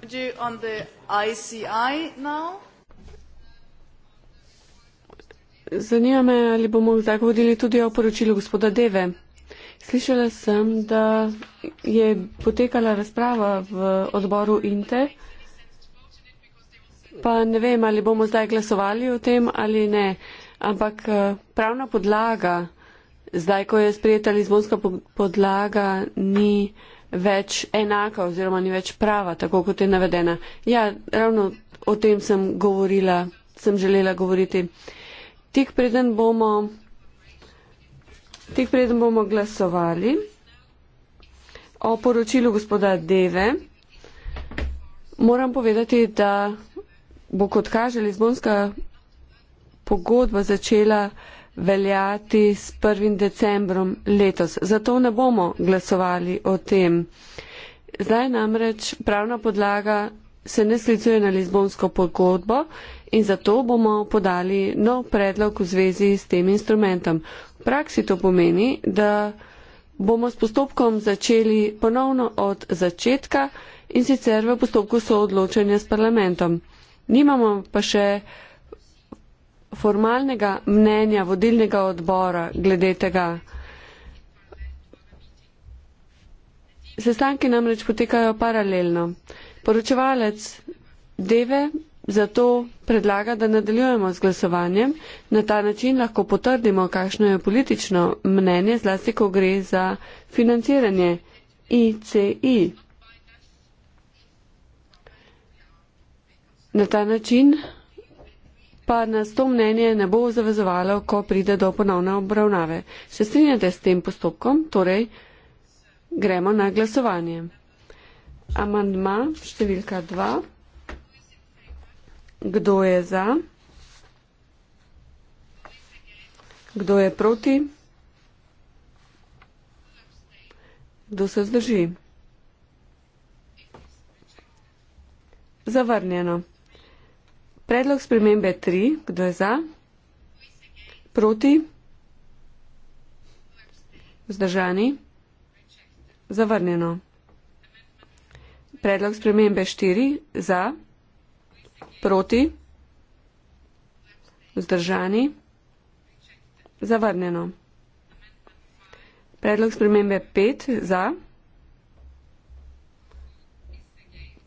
Would you on the ICI now? Zanima me, ali bomo zdaj govorili tudi o poročilu gospoda Deve. Slišala sem, da je potekala razprava v odboru INTE, pa ne vem, ali bomo zdaj glasovali o tem ali ne, ampak eh, pravna podlaga, zdaj ko je sprejeta Lizbonska podlaga, ni več enaka oziroma ni več prava, tako kot je navedena. Ja, ravno o tem sem govorila, sem želela govoriti. Tik preden bomo, tik preden bomo glasovali o poročilu gospoda Deve, moram povedati, da bo kot kaže Lizbonska pogodba začela veljati s 1. decembrom letos. Zato ne bomo glasovali o tem. Zdaj namreč pravna podlaga se ne sklicuje na Lizbonsko pogodbo in zato bomo podali nov predlog v zvezi s tem instrumentom. V praksi to pomeni, da bomo s postopkom začeli ponovno od začetka in sicer v postopku soodločanja s parlamentom. Nimamo pa še formalnega mnenja vodilnega odbora glede tega. Sestanki namreč potekajo paralelno. Poročevalec Deve zato predlaga, da nadaljujemo z glasovanjem. Na ta način lahko potrdimo, kakšno je politično mnenje, zlasti, ko gre za financiranje ICI. Na ta način pa nas to mnenje ne bo zavezovalo, ko pride do ponovne obravnave. Se strinjate s tem postopkom, torej gremo na glasovanje. Amandma številka 2. Kdo je za? Kdo je proti? Kdo se zdrži? Zavrnjeno. Predlog spremembe 3. Kdo je za? Proti? Zdržani? Zavrnjeno. Predlog spremembe 4. Za? Proti? Zdržani? Zavrnjeno. Predlog spremembe 5. Za?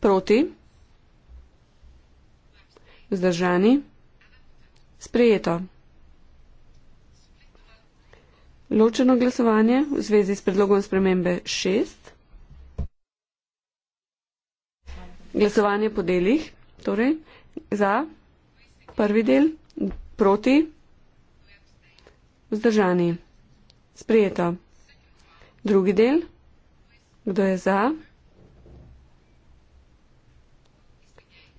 Proti? Proti? Vzdržani. Sprejeto. Ločeno glasovanje v zvezi s predlogom spremembe 6. Glasovanje po delih, torej za prvi del, proti, vzdržani. Sprejeto. Drugi del, kdo je za,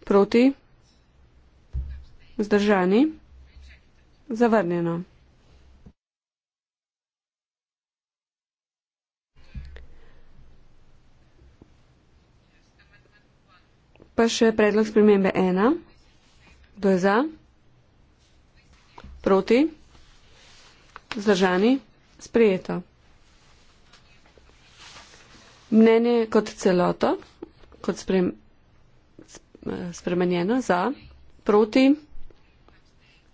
proti, vzdržani. Zdržani. Zavrnjeno. Pa še predlog spremembe ena. Kdo je za? Proti? Zdržani? Sprejeto. Mnenje kot celoto, kot sprem, eh, spremenjeno, za? Proti?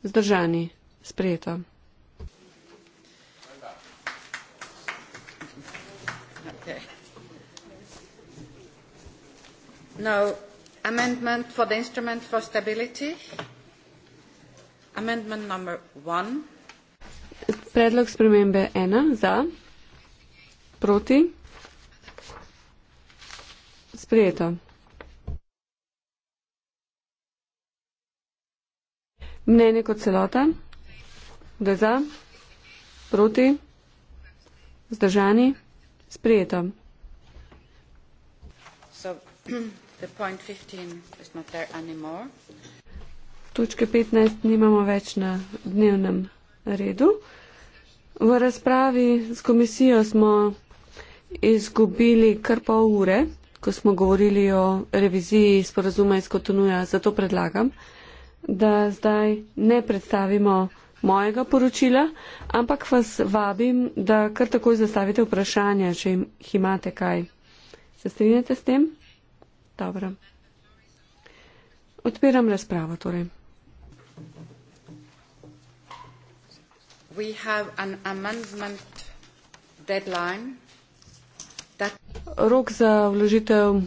Zdržani. Sprejeto. No amendment for the instrument for stability. Amendment number one. Predlog spremembe ena za, proti, sprejeto. Mm -hmm. Mnenje kot celota? Da za? Proti? Zdržani? Sprijeto. Točke 15 nimamo več na dnevnem redu. V razpravi s komisijo smo izgubili kar pol ure, ko smo govorili o reviziji sporazuma iz Kotonuja, zato predlagam, da zdaj ne predstavimo mojega poročila, ampak vas vabim, da kar takoj zastavite vprašanja, če jih imate kaj. Se strinjate s tem? Dobro. Odpiram razpravo torej. That... Rok za vložitev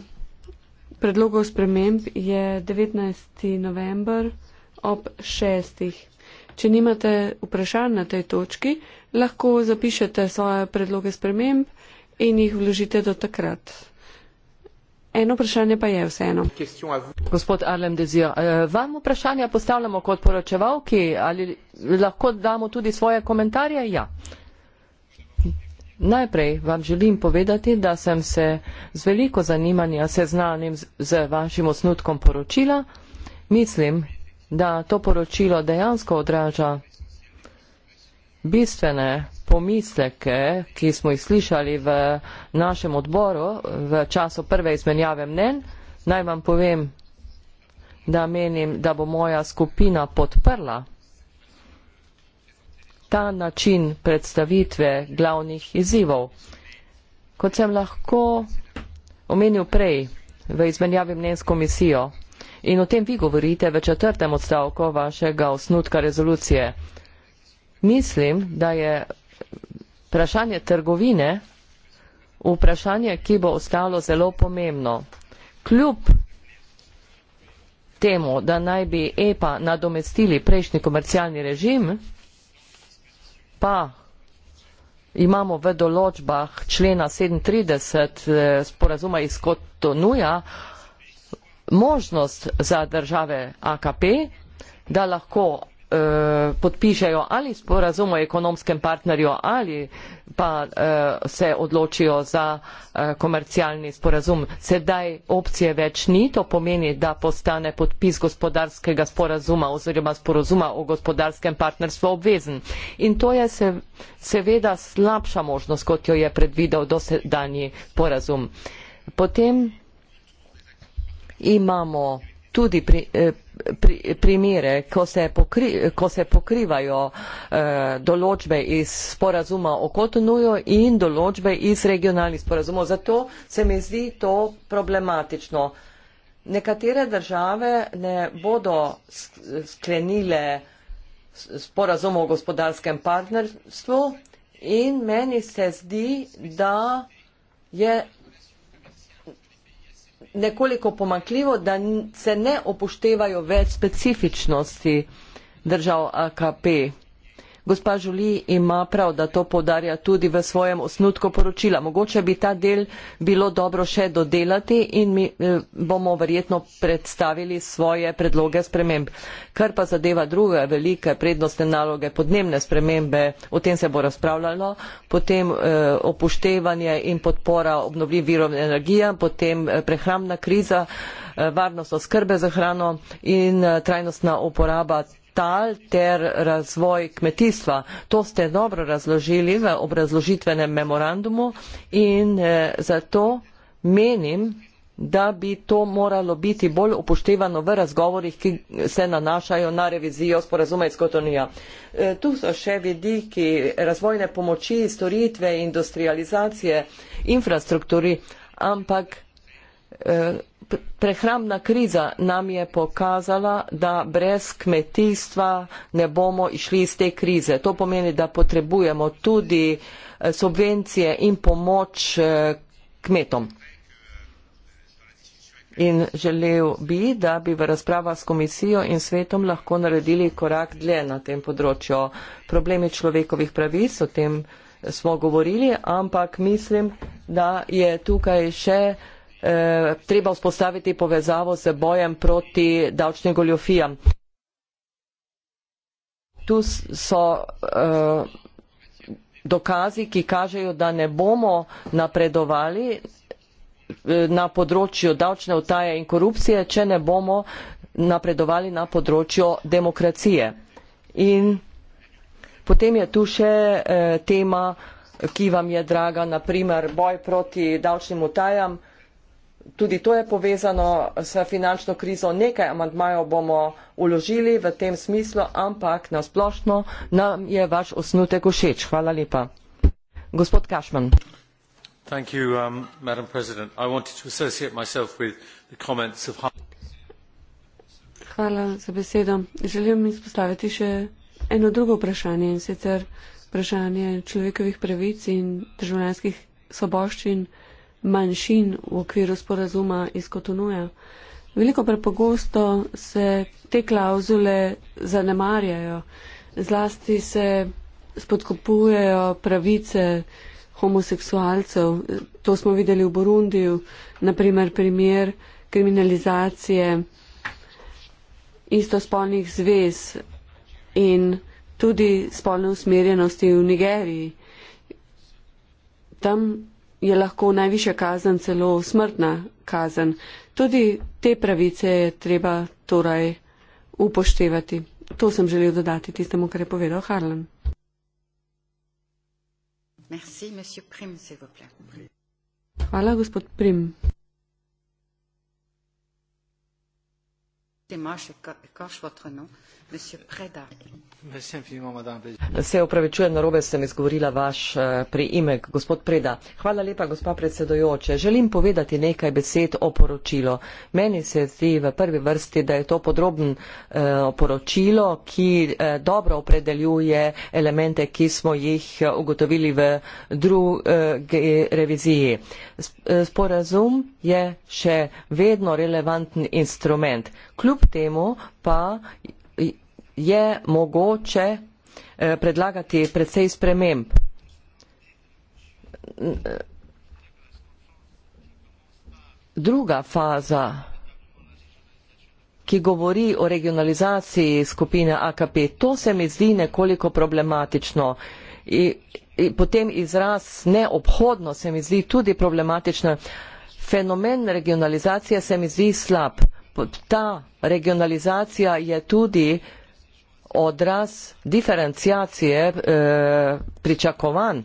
predlogov sprememb je 19. november ob šestih. Če nimate vprašanj na tej točki, lahko zapišete svoje predloge sprememb in jih vložite do takrat. Eno vprašanje pa je vseeno. Gospod Arlem Dezio, eh, vam vprašanja postavljamo kot poročevalki ali lahko damo tudi svoje komentarje? Ja. Najprej vam želim povedati, da sem se z veliko zanimanja seznanim z vašim osnutkom poročila. Mislim, da to poročilo dejansko odraža bistvene pomisleke, ki smo jih slišali v našem odboru v času prve izmenjave mnen. Naj vam povem, da menim, da bo moja skupina podprla ta način predstavitve glavnih izzivov. Kot sem lahko omenil prej v izmenjavi mnen s komisijo, in o tem vi govorite v četrtem odstavku vašega osnutka rezolucije. Mislim, da je vprašanje trgovine vprašanje, ki bo ostalo zelo pomembno. Kljub temu, da naj bi EPA nadomestili prejšnji komercialni režim, pa imamo v določbah člena 37 eh, sporazuma iz Kotonuja, možnost za države AKP, da lahko eh, podpišajo ali sporazum o ekonomskem partnerju ali pa eh, se odločijo za eh, komercialni sporazum. Sedaj opcije več ni, to pomeni, da postane podpis gospodarskega sporazuma oziroma sporazuma o gospodarskem partnerstvu obvezen. In to je se, seveda slabša možnost, kot jo je predvidel dosedanji sporazum. Potem imamo tudi pri, eh, pri, primere, ko se, pokri, ko se pokrivajo eh, določbe iz sporazuma o kotonuju in določbe iz regionalnih sporazumov. Zato se mi zdi to problematično. Nekatere države ne bodo sklenile sporazum o gospodarskem partnerstvu in meni se zdi, da je nekoliko pomakljivo, da se ne upoštevajo več specifičnosti držav AKP gospa joly ima prav da to poudarja tudi v svojem osnutku poročila mogoče bi ta del bilo dobro še dodelati in mi eh, bomo verjetno predstavili svoje predloge sprememb kar pa zadeva druge velike prednostne naloge podnebne spremembe o tem se bo razpravljalo potem eh, upoštevanje in podpora obnovljivim virom energije potem eh, prehrambna kriza eh, varnost oskrbe za hrano in eh, trajnostna uporaba tal ter razvoj kmetijstva. To ste dobro razložili v obrazložitvenem memorandumu in eh, zato menim, da bi to moralo biti bolj upoštevano v razgovorih, ki se nanašajo na revizijo sporazuma iz Kotonija. Eh, tu so še vidiki razvojne pomoči, storitve, industrializacije, infrastrukturi, ampak eh, prehrambna kriza nam je pokazala, da brez kmetijstva ne bomo išli iz te krize. To pomeni, da potrebujemo tudi eh, subvencije in pomoč eh, kmetom. In želel bi, da bi v razprava s komisijo in svetom lahko naredili korak dlje na tem področju. Problemi človekovih pravic, o tem smo govorili, ampak mislim, da je tukaj še Eh, treba vzpostaviti povezavo z bojem proti davčnim goljofijam. Tu so uh, dokazi, ki kažejo, da ne bomo napredovali eh, na področju davčne utaje in korupcije, če ne bomo napredovali na področju demokracije. In potem je tu še eh, tema, ki vam je draga, naprimer boj proti davčnim utajam tudi to je povezano s finančno krizo. Nekaj amantmajev bomo uložili v tem smislu, ampak nasplošno nam je vaš osnutek všeč. Hvala lepa. Gospod Kašman. Thank you, um, Madam President. I wanted to associate myself with the comments of Hvala za besedo. Želim izpostaviti še eno drugo vprašanje in sicer vprašanje človekovih pravic in državljanskih soboščin manjšin v okviru sporazuma iz Kotonuja. Veliko prepogosto se te klauzule zanemarjajo, zlasti se spodkopujejo pravice homoseksualcev. To smo videli v Burundiju, naprimer primer kriminalizacije istospolnih zvez in tudi spolne usmerjenosti v Nigeriji. Tam je lahko najviše kazen celo smrtna kazen. Tudi te pravice je treba torej upoštevati. To sem želel dodati tistemu, kar je povedal Harlan. Merci, Hvala, gospod Prim. Se opravičujem, narobe sem izgovorila vaš eh, priimek, gospod Preda. Hvala lepa, gospa predsedojoče. Želim povedati nekaj besed o poročilo. Meni se zdi v prvi vrsti, da je to podroben eh, poročilo, ki eh, dobro opredeljuje elemente, ki smo jih ugotovili v drugi reviziji. Sporazum je še vedno relevanten instrument. Kljub temu pa je mogoče eh, predlagati predvsej sprememb. Druga faza, ki govori o regionalizaciji skupine AKP, to se mi zdi nekoliko problematično. I, i, potem izraz neobhodno se mi zdi tudi problematično. Uh, fenomen regionalizacije se mi zdi slab. Ta regionalizacija je tudi odraz diferencijacije eh, pričakovanj.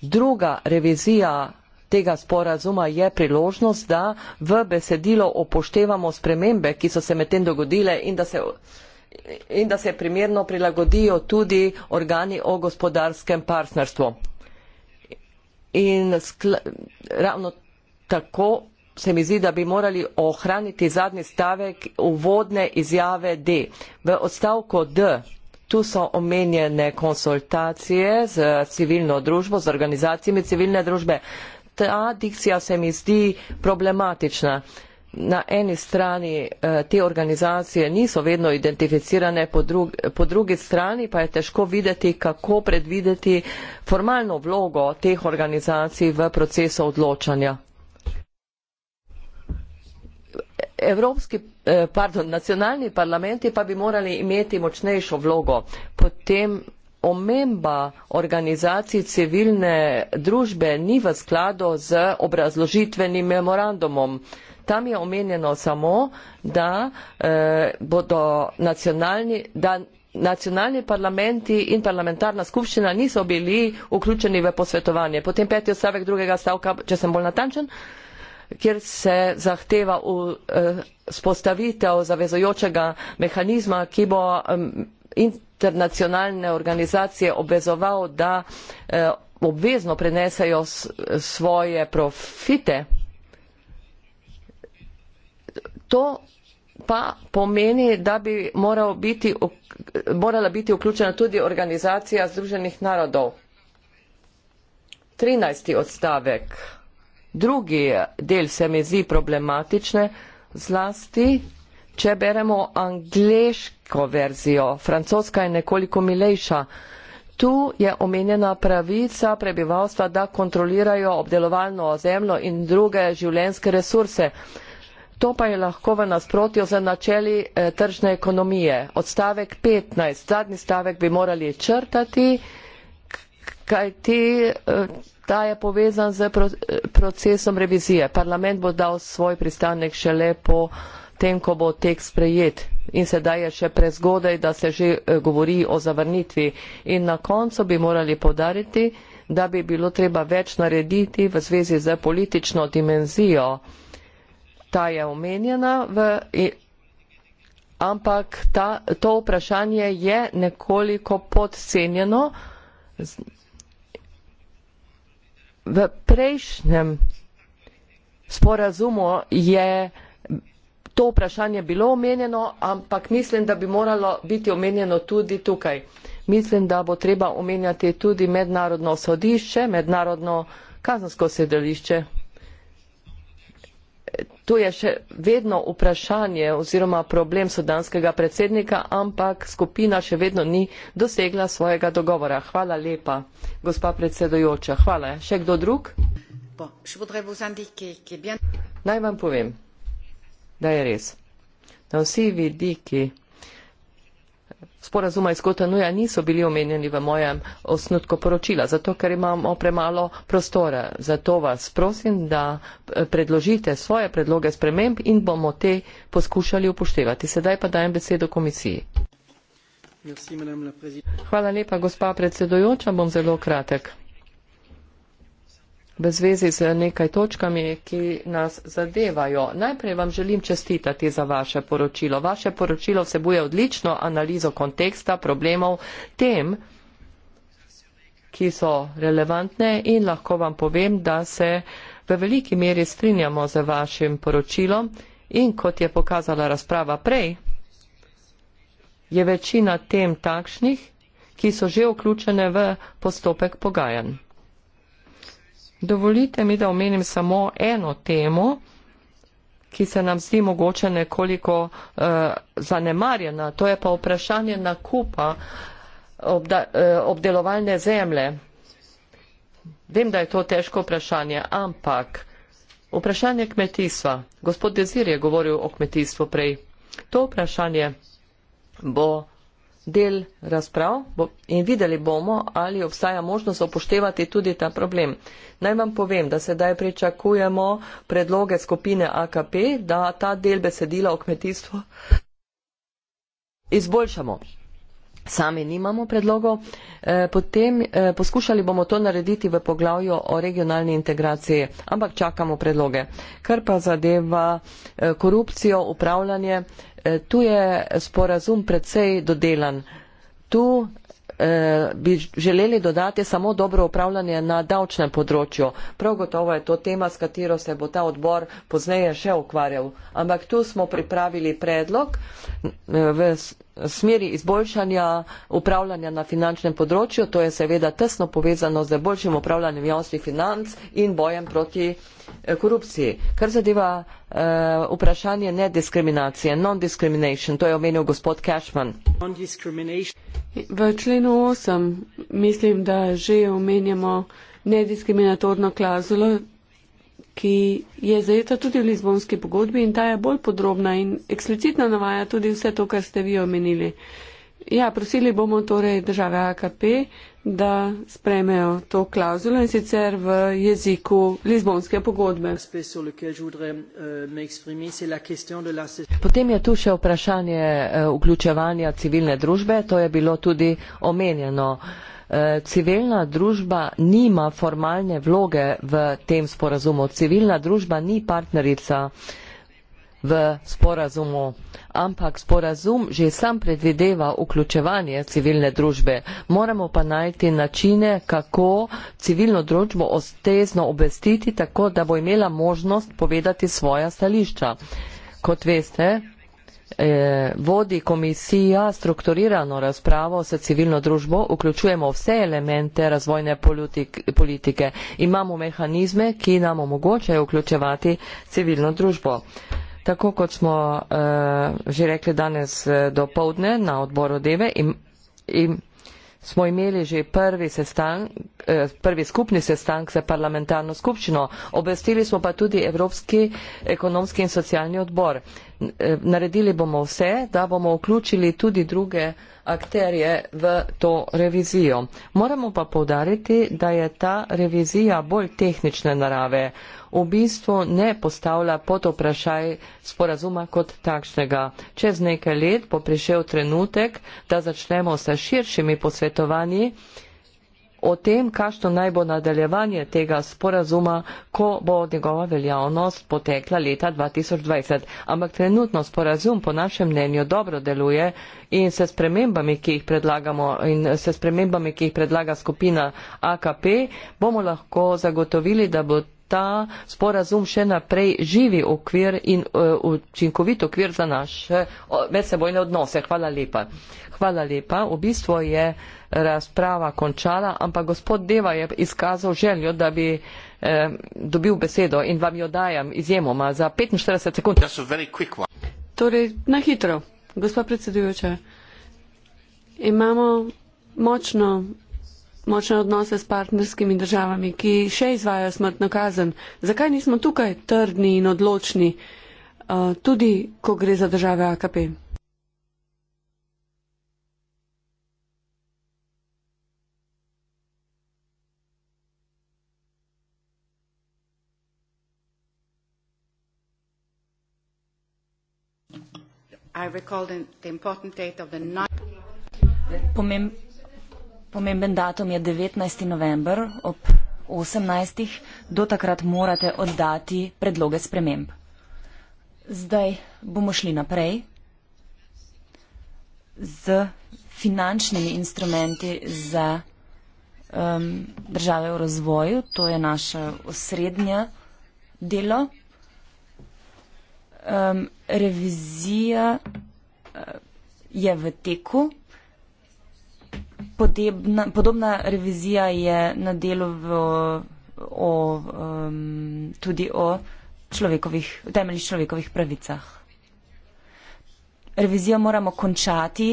Druga revizija tega sporazuma je priložnost, da v besedilo upoštevamo spremembe, ki so se medtem dogodile in da se in da se primerno prilagodijo tudi organi o gospodarskem partnerstvu. In skla, ravno tako se mi zdi, da bi morali ohraniti zadnji stavek uvodne izjave D. V odstavku D tu so omenjene konsultacije z civilno družbo, z organizacijami civilne družbe. Ta dikcija se mi zdi problematična. Na eni strani eh, te organizacije niso vedno identificirane, po, drug, po drugi strani pa je težko videti, kako predvideti formalno vlogo teh organizacij v procesu odločanja. evropski eh, pardon nacionalni parlamenti pa bi morali imeti močnejšo vlogo potem omemba organizacij civilne družbe ni v skladu z obrazložitvenim memorandumom. Tam je omenjeno samo, da eh, bodo nacionalni, da nacionalni parlamenti in parlamentarna skupščina niso bili vključeni v posvetovanje. Potem peti odstavek drugega stavka, če sem bolj natančen, eh, kjer se zahteva vzpostavitev eh, zavezojočega mehanizma, ki bo internacionalne organizacije obvezoval, da eh, obvezno prenesejo svoje profite. To pa pomeni, da bi moral biti, morala biti vključena tudi organizacija Združenih narodov. 13. odstavek. Drugi del se mi zdi problematične, zlasti, če beremo angliško verzijo, francoska je nekoliko milejša. Tu je omenjena pravica prebivalstva, da kontrolirajo obdelovalno ozemlo in druge življenjske resurse. To pa je lahko v nasprotju z načeli eh, tržne ekonomije. Odstavek 15, zadnji stavek bi morali črtati, kaj ti. Eh, ta je povezan z procesom revizije. Parlament bo dal svoj pristanek šele po tem, ko bo tek sprejet. In sedaj je še prezgodaj, da se že eh, govori o zavrnitvi. In na koncu bi morali podariti, da bi bilo treba več narediti v zvezi z politično dimenzijo. Ta je omenjena, v, ampak ta, to vprašanje je nekoliko podcenjeno v prejšnjem sporazumu je to vprašanje bilo omenjeno, ampak mislim, da bi moralo biti omenjeno tudi tukaj. Mislim, da bo treba omenjati tudi mednarodno sodišče, mednarodno kazansko sedelišče tu je še vedno vprašanje oziroma problem sudanskega predsednika ampak skupina še vedno ni dosegla svojega dogovora hvala lepa gospa predsedujoča hvala še kdo drug naj vam povem da je res na vsi vidiki sporazuma iz Kotanuja niso bili omenjeni v mojem osnutku poročila, zato ker imamo premalo prostora. Zato vas prosim, da eh, predložite svoje predloge sprememb in bomo te poskušali upoštevati. Sedaj pa dajem besedo komisiji. Hvala lepa, gospa predsedujoča, bom zelo kratek v zvezi z nekaj točkami, ki nas zadevajo. Najprej vam želim čestitati za vaše poročilo. Vaše poročilo vsebuje odlično analizo konteksta, problemov, tem, ki so relevantne in lahko vam povem, da se v veliki meri strinjamo z vašim poročilom in kot je pokazala razprava prej, je večina tem takšnih, ki so že vključene v postopek pogajanj. Dovolite mi, da omenim samo eno temo, ki se nam zdi mogoče nekoliko uh, zanemarjena, to je pa vprašanje nakupa obda, uh, obdelovalne zemlje. Vem, da je to težko vprašanje, ampak vprašanje kmetijstva. Gospod Dezir je govoril o kmetijstvu prej. To vprašanje bo del razprav in videli bomo, ali obstaja možnost upoštevati tudi ta problem. Naj vam povem, da sedaj pričakujemo predloge skupine AKP, da ta del besedila o kmetijstvu izboljšamo sami nimamo predlogov. E, potem e, poskušali bomo to narediti v poglavju o regionalni integraciji, ampak čakamo predloge. Kar pa zadeva e, korupcijo, upravljanje, tu je sporazum predvsej dodelan. Tu bi želeli dodati samo dobro upravljanje na davčnem področju. Prav gotovo je to tema, s katero se bo ta odbor pozneje še ukvarjal. Ampak tu smo pripravili predlog v smeri izboljšanja upravljanja na finančnem področju. To je seveda tesno povezano z boljšim upravljanjem javnostnih financ in bojem proti eh, korupciji. Kar zadeva uh, vprašanje nediskriminacije, non-discrimination, to je omenil gospod Cashman. V členu 8 mislim, da že omenjamo nediskriminatorno klauzulo, ki je zajeta tudi v Lizbonski pogodbi in ta je bolj podrobna in eksplicitno navaja tudi vse to, kar ste vi omenili. Ja, prosili bomo torej države AKP, da spremejo to klauzulo in sicer v jeziku Lizbonske pogodbe. Potem je tu še vprašanje eh, vključevanja civilne družbe, to je bilo tudi omenjeno. Eh, civilna družba nima formalne vloge v tem sporazumu. Civilna družba ni partnerica v sporazumu, ampak sporazum že sam predvideva vključevanje civilne družbe. Moramo pa najti načine, kako civilno družbo ostezno obvestiti, tako da bo imela možnost povedati svoja stališča. Kot veste, Eh, vodi komisija strukturirano razpravo s civilno družbo, vključujemo vse elemente razvojne politike. Imamo mehanizme, ki nam omogočajo vključevati civilno družbo. Tako kot smo eh, že rekli danes eh, do povdne na odboru Deve, smo imeli že prvi sestanek Eh, prvi skupni sestank za parlamentarno skupščino. Obvestili smo pa tudi Evropski ekonomski in socialni odbor. Eh, naredili bomo vse, da bomo vključili tudi druge akterje v to revizijo. Moramo pa povdariti, da je ta revizija bolj tehnične narave. V bistvu ne postavlja pod vprašaj sporazuma kot takšnega. Čez nekaj let bo prišel trenutek, da začnemo sa širšimi posvetovanji o tem, kakšno naj bo nadaljevanje tega sporazuma, ko bo njegova veljavnost potekla leta 2020. Ampak trenutno sporazum po našem mnenju dobro deluje in se spremembami, ki jih predlagamo in se spremembami, ki jih predlaga skupina AKP, bomo lahko zagotovili, da bo ta sporazum še naprej živi okvir in uh, učinkovit okvir za naše medsebojne odnose. Hvala lepa. Hvala lepa. V bistvu je razprava končala, ampak gospod Deva je izkazal željo, da bi eh, dobil besedo in vam jo dajem izjemoma za 45 sekund. Torej, na hitro, gospod predsedujoča, imamo močno močne odnose s partnerskimi državami, ki še izvajajo smrtno kazen. Zakaj nismo tukaj trdni in odločni, uh, tudi ko gre za države AKP? Pomem, Pomemben datum je 19. november ob 18. Do takrat morate oddati predloge sprememb. Zdaj bomo šli naprej z finančnimi instrumenti za um, države v razvoju. To je naše osrednje delo. Um, revizija uh, je v teku. Podobna, podobna revizija je na delu v, o, um, tudi o človekovih, temeljih človekovih pravicah. Revizijo moramo končati,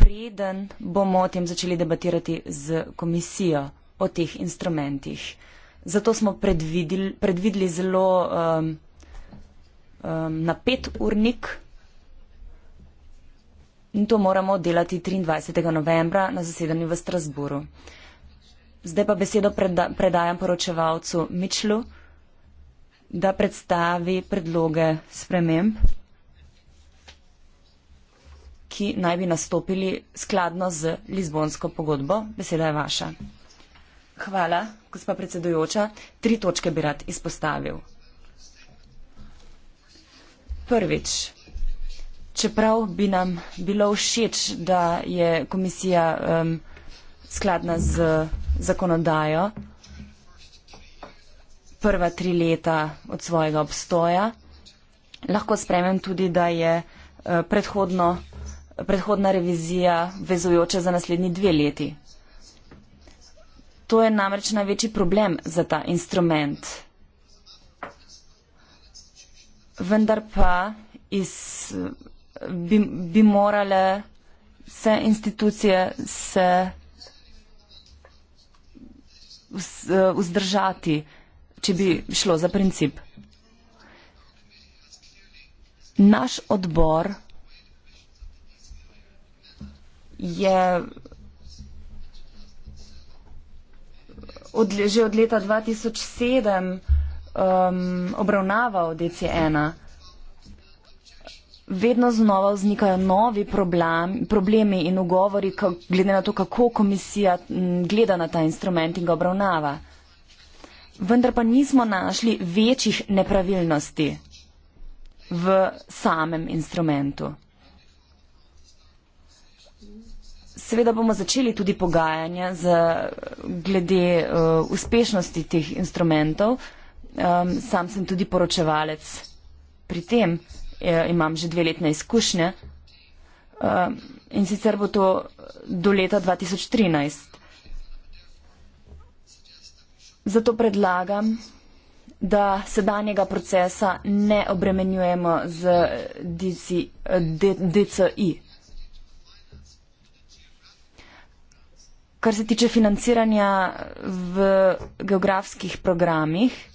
preden bomo o tem začeli debatirati z komisijo o teh instrumentih. Zato smo predvidili, predvidili zelo um, um, napet urnik In to moramo delati 23. novembra na zasedanju v Strasburu. Zdaj pa besedo preda predajam poročevalcu Mičlu, da predstavi predloge sprememb, ki naj bi nastopili skladno z Lizbonsko pogodbo. Beseda je vaša. Hvala, gospa predsedujoča. Tri točke bi rad izpostavil. Prvič čeprav bi nam bilo všeč, da je komisija um, skladna z zakonodajo prva tri leta od svojega obstoja, lahko spremem tudi, da je uh, predhodna revizija vezujoča za naslednji dve leti. To je namreč največji problem za ta instrument. Vendar pa iz bi, bi morale vse institucije se vzdržati, če bi šlo za princip. Naš odbor je od, že od leta 2007 um, obravnaval DC1 vedno znova vznikajo novi problem, problemi in ugovori, glede na to, kako komisija gleda na ta instrument in ga obravnava. Vendar pa nismo našli večjih nepravilnosti v samem instrumentu. Seveda bomo začeli tudi pogajanja z, glede uh, uspešnosti teh instrumentov. Um, sam sem tudi poročevalec pri tem. Eh, imam že dve letne izkušnje eh, in sicer bo to do leta 2013. Zato predlagam, da sedanjega procesa ne obremenjujemo z DCI. Kar se tiče financiranja v geografskih programih,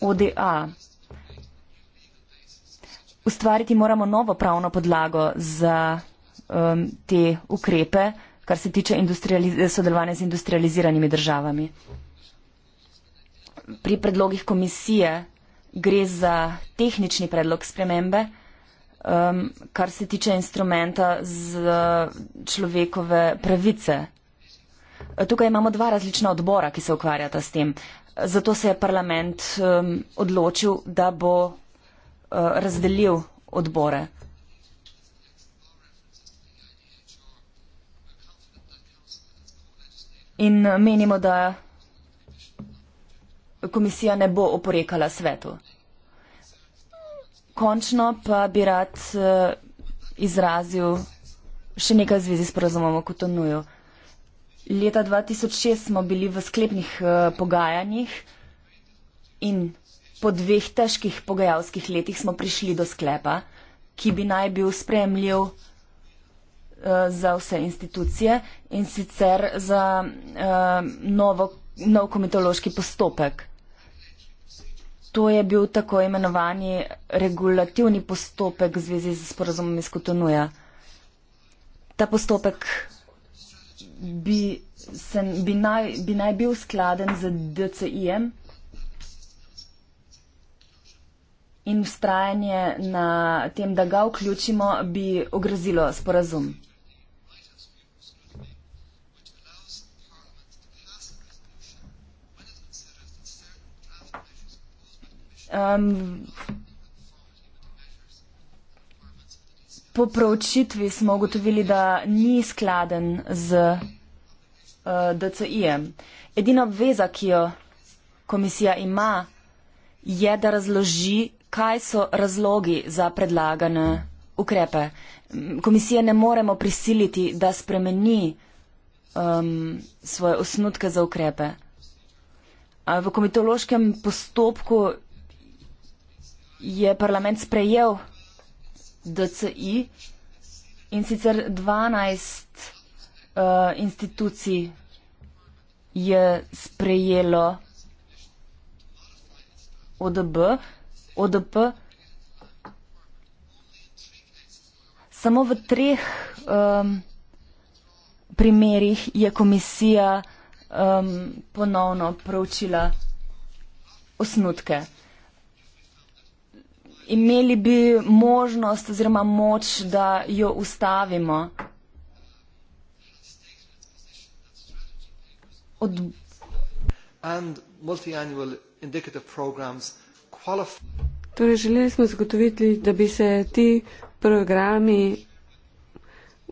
ODA. Ustvariti moramo novo pravno podlago za um, te ukrepe, kar se tiče sodelovanja z industrializiranimi državami. Pri predlogih komisije gre za tehnični predlog spremembe, um, kar se tiče instrumenta za človekove pravice. Tukaj imamo dva različna odbora, ki se ukvarjata s tem. Uh, zato se je parlament um, odločil, da bo uh, razdelil odbore. In uh, menimo, da komisija ne bo oporekala svetu. Končno pa bi rad uh, izrazil še nekaj zvezi s porazumom o kotonuju. Leta 2006 smo bili v sklepnih uh, pogajanjih in po dveh težkih pogajalskih letih smo prišli do sklepa, ki bi naj bil spremljiv uh, eh, za vse institucije in sicer za uh, novo, nov komitološki postopek. To je bil tako imenovani regulativni postopek v zvezi z sporozumom iz Kotonuja. Ta postopek bi, sem, bi, naj, bi naj bil skladen z DCI-jem in ustrajanje na tem, da ga vključimo, bi ogrozilo sporazum. Um, po pravčitvi smo ugotovili, da ni skladen z uh, eh, DCI-em. Edina obveza, ki jo komisija ima, je, da razloži, kaj so razlogi za predlagane ukrepe. Komisije ne moremo prisiliti, da spremeni um, svoje osnutke za ukrepe. A v komitološkem postopku je parlament sprejel DCI in sicer 12 uh, eh, institucij je sprejelo ODB. ODP. Samo v treh um, primerih je komisija um, ponovno pravčila osnutke imeli bi možnost oziroma moč, da jo ustavimo. Od... Torej, želeli smo zagotoviti, da bi se ti programi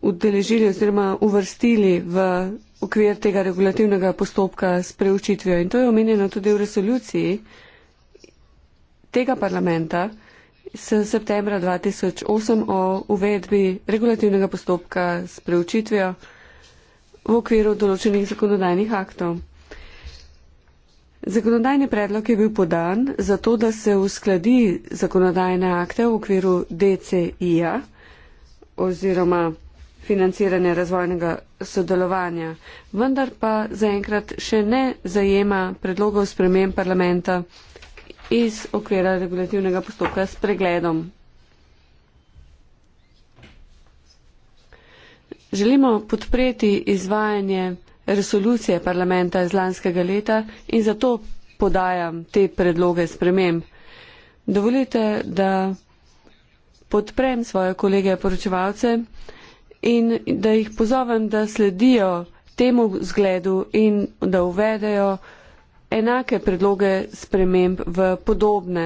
udeležili oziroma uvrstili v okvir tega regulativnega postopka s preučitvijo. In to je omenjeno tudi v resoluciji tega parlamenta s septembra 2008 o uvedbi regulativnega postopka s preučitvijo v okviru določenih zakonodajnih aktov. Zakonodajni predlog je bil podan zato, da se uskladi zakonodajne akte v okviru DCI-ja oziroma financiranja razvojnega sodelovanja, vendar pa zaenkrat še ne zajema predlogov spremem parlamenta iz okvira regulativnega postopka s pregledom. Želimo podpreti izvajanje resolucije parlamenta iz lanskega leta in zato podajam te predloge sprememb. Dovolite, da podprem svoje kolege poročevalce in da jih pozovem, da sledijo temu zgledu in da uvedejo enake predloge sprememb v podobne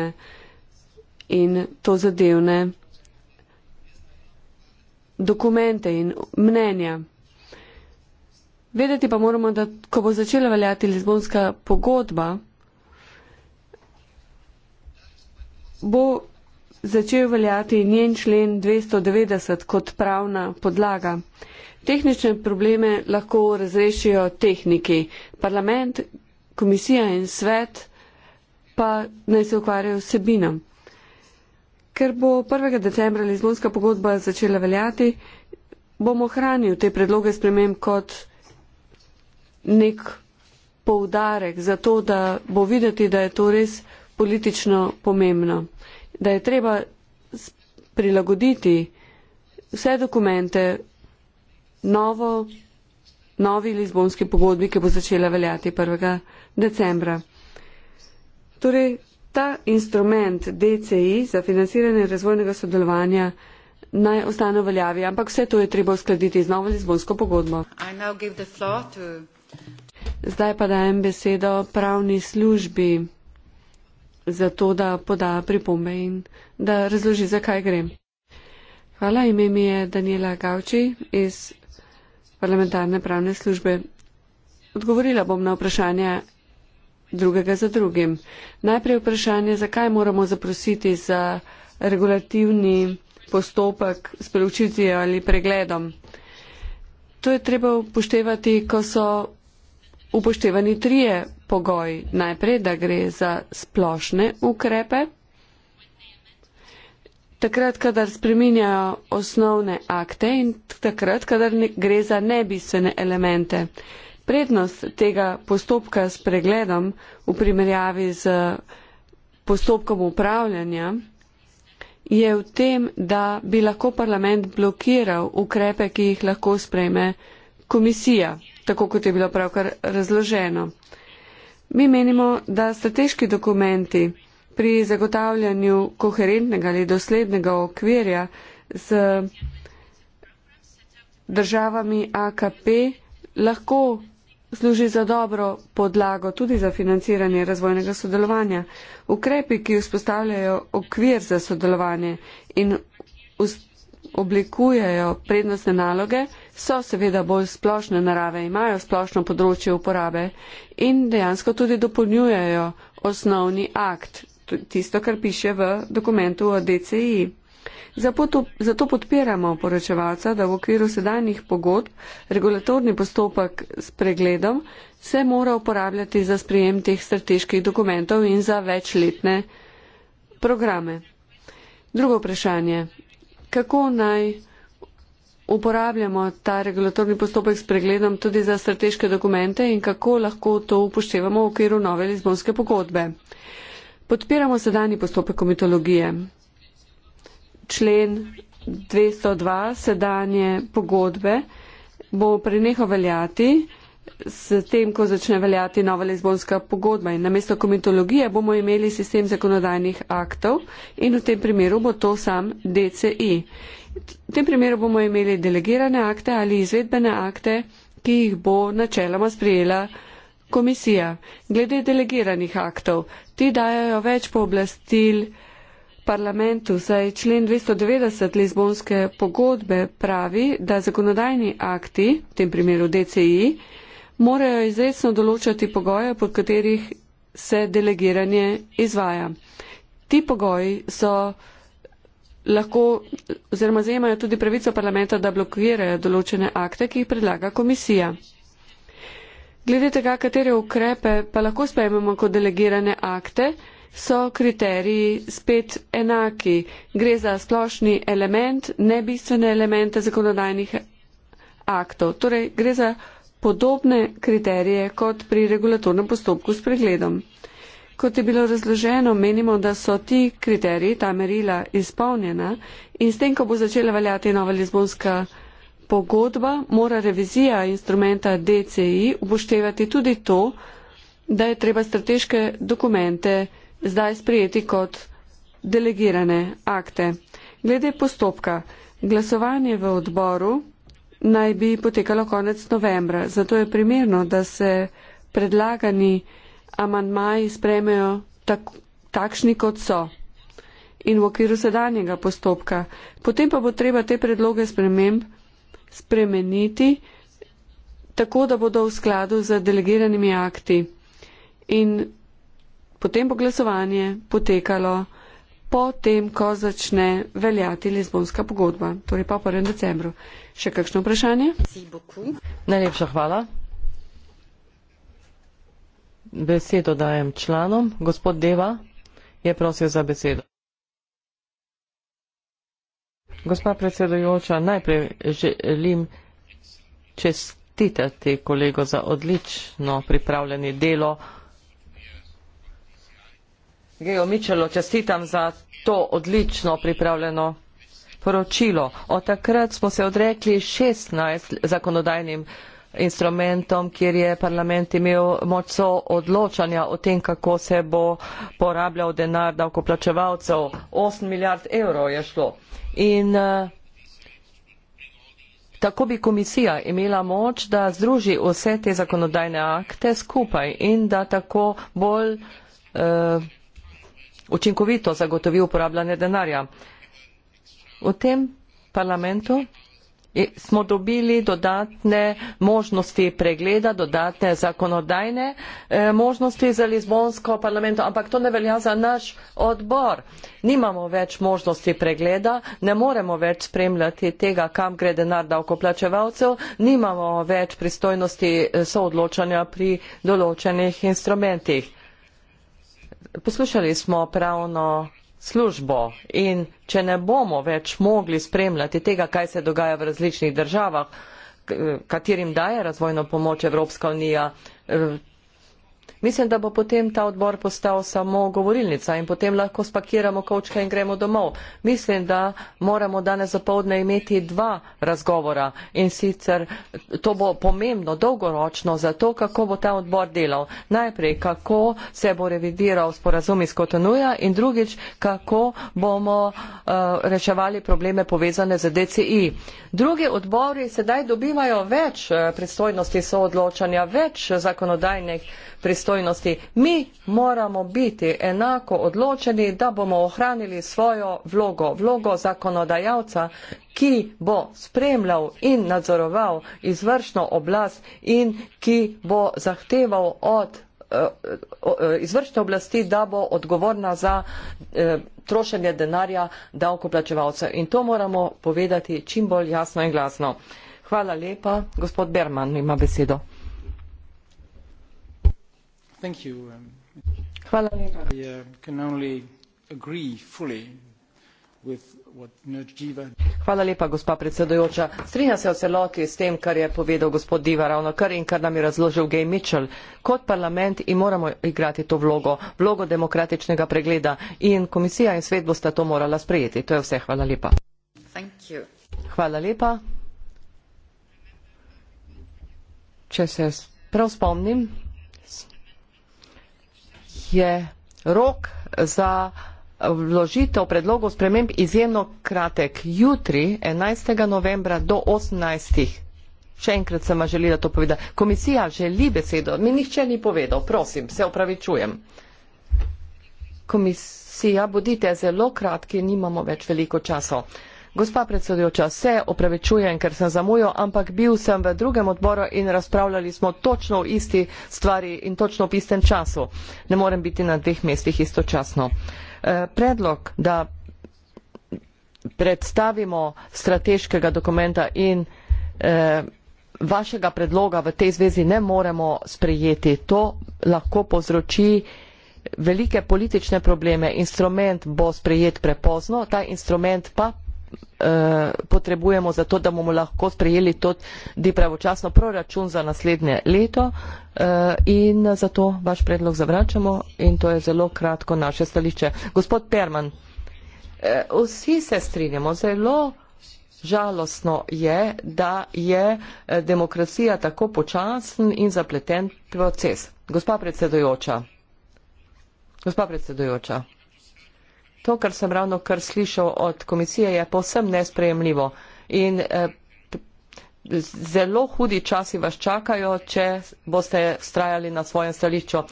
in to zadevne dokumente in mnenja. Vedeti pa moramo, da ko bo začela veljati Lizbonska pogodba, bo začel veljati njen člen 290 kot pravna podlaga. Tehnične probleme lahko razrešijo tehniki. Parlament komisija in svet pa naj se ukvarjajo vsebinam. Ker bo 1. decembra Lizbonska pogodba začela veljati, bomo hranil te predloge sprememb kot nek poudarek za to, da bo videti, da je to res politično pomembno. Da je treba prilagoditi vse dokumente novo, novi Lizbonski pogodbi, ki bo začela veljati 1 decembra. Torej, ta instrument DCI za financiranje razvojnega sodelovanja naj ostane v veljavi, ampak vse to je treba uskladiti z novo Lizbonsko pogodbo. Zdaj pa dajem besedo pravni službi za to, da poda pripombe in da razloži, zakaj grem. Hvala, ime mi je Daniela Gavči iz parlamentarne pravne službe. Odgovorila bom na vprašanje drugega za drugim. Najprej vprašanje, zakaj moramo zaprositi za regulativni postopek s preučitvijo ali pregledom. To je treba upoštevati, ko so upoštevani trije pogoji. Najprej, da gre za splošne ukrepe. Takrat, kadar spreminjajo osnovne akte in takrat, kadar gre za nebistvene elemente prednost tega postopka s pregledom v primerjavi z postopkom upravljanja je v tem, da bi lahko parlament blokiral ukrepe, ki jih lahko sprejme komisija, tako kot je bilo pravkar razloženo. Mi menimo, da strateški dokumenti pri zagotavljanju koherentnega ali doslednega okvirja z državami AKP lahko služi za dobro podlago tudi za financiranje razvojnega sodelovanja. Ukrepi, ki vzpostavljajo okvir za sodelovanje in oblikujejo prednostne naloge, so seveda bolj splošne narave, imajo splošno področje uporabe in dejansko tudi dopolnjujejo osnovni akt, tisto, kar piše v dokumentu o DCI. Zato podpiramo poročevalca, da v okviru sedanjih pogodb regulatorni postopek s pregledom se mora uporabljati za sprijem teh strateških dokumentov in za večletne programe. Drugo vprašanje. Kako naj uporabljamo ta regulatorni postopek s pregledom tudi za strateške dokumente in kako lahko to upoštevamo v okviru nove Lizbonske pogodbe? Podpiramo sedanji postopek komitologije člen 202 sedanje pogodbe bo prenehal veljati s tem, ko začne veljati nova lezbonska pogodba. In namesto komitologije bomo imeli sistem zakonodajnih aktov in v tem primeru bo to sam DCI. V tem primeru bomo imeli delegirane akte ali izvedbene akte, ki jih bo načeloma sprijela komisija. Glede delegiranih aktov, ti dajo več pooblastil. Po parlamentu. Zdaj, člen 290 Lizbonske pogodbe pravi, da zakonodajni akti, v tem primeru DCI, morajo izredno določati pogoje, pod katerih se delegiranje izvaja. Ti pogoji so lahko, oziroma zajemajo tudi pravico parlamenta, da blokirajo določene akte, ki jih predlaga komisija. Glede tega, katere ukrepe pa lahko sprejmemo kot delegirane akte, so kriteriji spet enaki. Gre za splošni element, ne bistvene elemente zakonodajnih aktov. Torej, gre za podobne kriterije kot pri regulatornem postopku s pregledom. Kot je bilo razloženo, menimo, da so ti kriteriji, ta merila izpolnjena in s tem, ko bo začela veljati nova lizbonska pogodba, mora revizija instrumenta DCI upoštevati tudi to, da je treba strateške dokumente zdaj sprejeti kot delegirane akte. Glede postopka, glasovanje v odboru naj bi potekalo konec novembra, zato je primerno, da se predlagani amantmaji sprejmejo tak, takšni, kot so in v okviru sedanjega postopka. Potem pa bo treba te predloge sprememb spremeniti tako, da bodo v skladu z delegiranimi akti. In potem bo glasovanje potekalo potem, ko začne veljati Lizbonska pogodba, torej pa 1. decembru. Še kakšno vprašanje? Najlepša hvala. Besedo dajem članom. Gospod Deva je prosil za besedo. Gospa predsedujoča, najprej želim čestitati kolego za odlično pripravljeno delo. Geo Mičelo, čestitam za to odlično pripravljeno poročilo. Od takrat smo se odrekli 16 zakonodajnim instrumentom, kjer je parlament imel moč so odločanja o tem, kako se bo porabljal denar davkoplačevalcev. 8 milijard evrov je šlo. In eh, Tako bi komisija imela moč, da združi vse te zakonodajne akte skupaj in da tako bolj eh, učinkovito zagotovi uporabljanje denarja. V tem parlamentu smo dobili dodatne možnosti pregleda, dodatne zakonodajne eh, možnosti za Lizbonsko parlamento, ampak to ne velja za naš odbor. Nimamo več možnosti pregleda, ne moremo več spremljati tega, kam gre denar davkoplačevalcev, nimamo več pristojnosti eh, soodločanja pri določenih instrumentih poslušali smo pravno službo in če ne bomo več mogli spremljati tega, kaj se dogaja v različnih državah, katerim daje razvojno pomoč Evropska unija, eh, mislim, da bo potem ta odbor postal samo govorilnica in potem lahko spakiramo kočke in gremo domov. Mislim, da moramo danes zapovdne imeti dva razgovora in sicer to bo pomembno dolgoročno za to, kako bo ta odbor delal. Najprej, kako se bo revidiral sporazum iz Kotonuja in drugič, kako bomo uh, reševali probleme povezane z DCI. Drugi odbori sedaj dobivajo več eh, pristojnosti soodločanja, več zakonodajnih uh, pristojnosti. Mi moramo biti enako odločeni, da bomo ohranili svojo vlogo, vlogo zakonodajalca, ki bo spremljal in nadzoroval izvršno oblast in ki bo zahteval od eh, eh, izvršne oblasti, da bo odgovorna za eh, trošenje denarja davkoplačevalcev. In to moramo povedati čim bolj jasno in glasno. Hvala lepa. Gospod Berman ima besedo. Um, i uh, can only agree fully with what Hvala lepa, gospa predsedujoča. Strinja se v celoti s tem, kar je povedal gospod Diva ravno kar in kar nam je razložil Gay Mitchell. Kot parlament in moramo igrati to vlogo, vlogo demokratičnega pregleda in komisija in svet bosta to morala sprejeti. To je vse. Hvala lepa. Thank you. Hvala lepa. Če se prav spomnim, je rok za vložitev predlogov sprememb izjemno kratek. Jutri, 11. novembra do 18. Še enkrat sem želela to povedati. Komisija želi besedo. Mi nihče ni povedal. Prosim, se opravičujem. Komisija, bodite zelo kratki, nimamo več veliko časa. Gospa predsedujoča, se opravičujem, ker sem zamujal, ampak bil sem v drugem odboru in razpravljali smo točno v isti stvari in točno v istem času. Ne morem biti na dveh mestih istočasno. Eh, predlog, da predstavimo strateškega dokumenta in eh, vašega predloga v tej zvezi ne moremo sprejeti. To lahko povzroči velike politične probleme. Instrument bo sprejet prepozno, ta instrument pa Eh, potrebujemo za to, da bomo lahko sprejeli tudi pravočasno proračun za naslednje leto eh, in zato vaš predlog zavračamo in to je zelo kratko naše stališče. Gospod Perman, eh, vsi se strinjamo, zelo žalostno je, da je demokracija tako počasen in zapleten proces. Gospa predsedujoča, gospa predsedujoča, To, kar sem ravno kar slišal od komisije, je povsem nesprejemljivo. In eh, zelo hudi časi vas čakajo, če boste strajali na svojem stališču.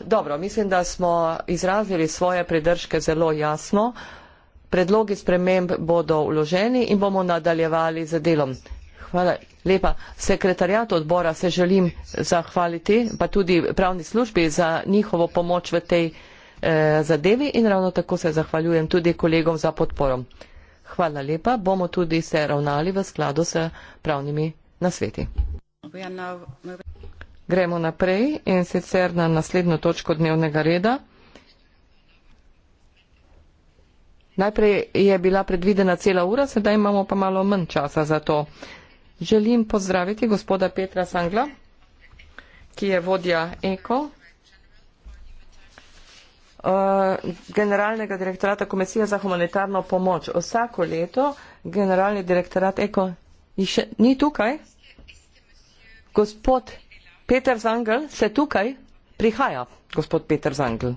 Dobro, mislim, da smo izrazili svoje pridržke zelo jasno. Predlogi sprememb bodo uloženi in bomo nadaljevali z delom. Hvala lepa. Sekretarjat odbora se želim zahvaliti, pa tudi pravni službi za njihovo pomoč v tej. Eh, zadevi in ravno tako se zahvaljujem tudi kolegom za podporo. Hvala lepa, bomo tudi se ravnali v skladu s pravnimi nasveti. Gremo naprej in sicer na naslednjo točko dnevnega reda. Najprej je bila predvidena cela ura, sedaj imamo pa malo manj časa za to. Želim pozdraviti gospoda Petra Sangla, ki je vodja Eko Eh, generalnega direktorata Komisije za humanitarno pomoč. Vsako leto generalni direktorat Eko še ni tukaj. Gospod Peter Zangel se tukaj prihaja. Gospod Peter Zangel.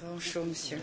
Bonjour, monsieur.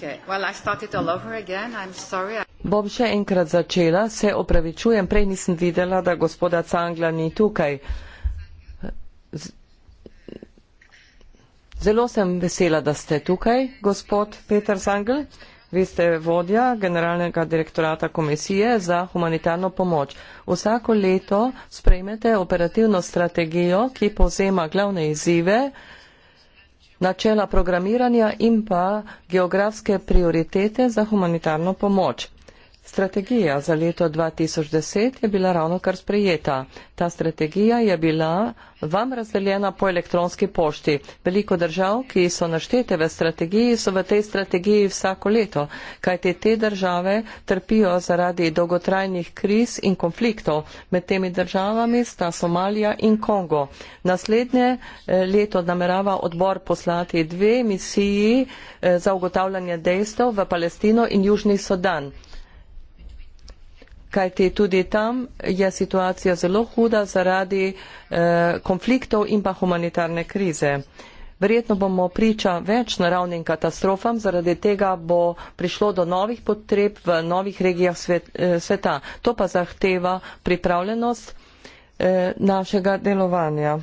Bom še enkrat začela, se opravičujem, prej nisem videla, da gospoda Cangla ni tukaj. Zelo sem vesela, da ste tukaj, gospod Peter Cangl. Vi ste vodja generalnega direktorata Komisije za humanitarno pomoč. Vsako leto sprejmete operativno strategijo, ki pozema glavne izzive načela programiranja in pa geografske prioritete za humanitarno pomoč. Strategija za leto 2010 je bila ravno kar sprejeta. Ta strategija je bila vam razdeljena po elektronski pošti. Veliko držav, ki so naštete v strategiji, so v tej strategiji vsako leto, kajte te države trpijo zaradi dolgotrajnih kriz in konfliktov. Med temi državami sta Somalija in Kongo. Naslednje eh, leto namerava odbor poslati dve misiji eh, za ugotavljanje dejstev v Palestino in Južni Sudan kajti tudi tam je situacija zelo huda zaradi eh, konfliktov in pa humanitarne krize. Verjetno bomo priča več naravnim katastrofam, zaradi tega bo prišlo do novih potreb v novih regijah svet, eh, sveta. To pa zahteva pripravljenost eh, našega delovanja.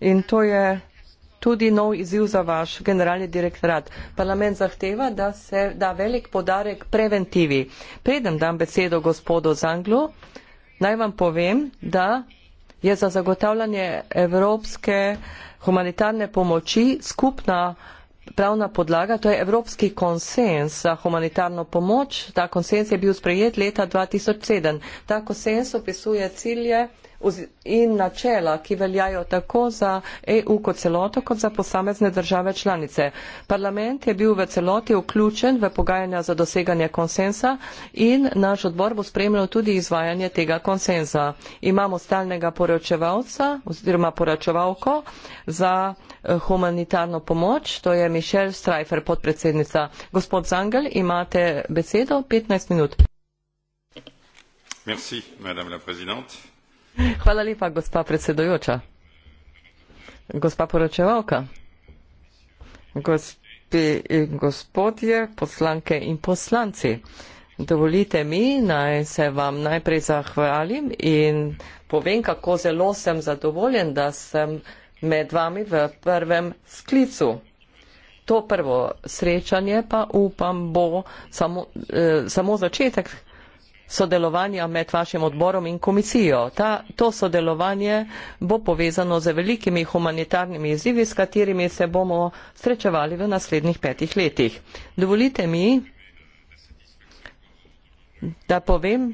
In to je tudi nov izziv za vaš generalni direktorat. Parlament zahteva, da se da velik podarek preventivi. Predem dam besedo gospodu Zanglu, naj vam povem, da je za zagotavljanje evropske humanitarne pomoči skupna pravna podlaga, to je evropski konsens za humanitarno pomoč. Ta konsens je bil sprejet leta 2007. Ta konsens opisuje cilje in načela, ki veljajo tako za EU kot celoto, kot za posamezne države članice. Parlament je bil v celoti vključen v pogajanja za doseganje konsensa in naš odbor bo spremljal tudi izvajanje tega konsensa. Imamo stalnega poročevalca oziroma poročevalko za eh, humanitarno pomoč, to je Michelle Streifer, podpredsednica. Gospod Zangel, imate besedo 15 minut. Merci, madame la présidente. Hvala lepa, gospa predsedojoča. Gospa poročevalka. Gospi in gospodje, poslanke in poslanci. Dovolite mi, naj se vam najprej zahvalim in povem, kako zelo sem zadovoljen, da sem med vami v prvem sklicu. To prvo srečanje pa upam bo samo, eh, samo začetek sodelovanja med vašim odborom in komisijo. Ta, to sodelovanje bo povezano z velikimi humanitarnimi izzivi, s katerimi se bomo srečevali v naslednjih petih letih. Dovolite mi, da povem,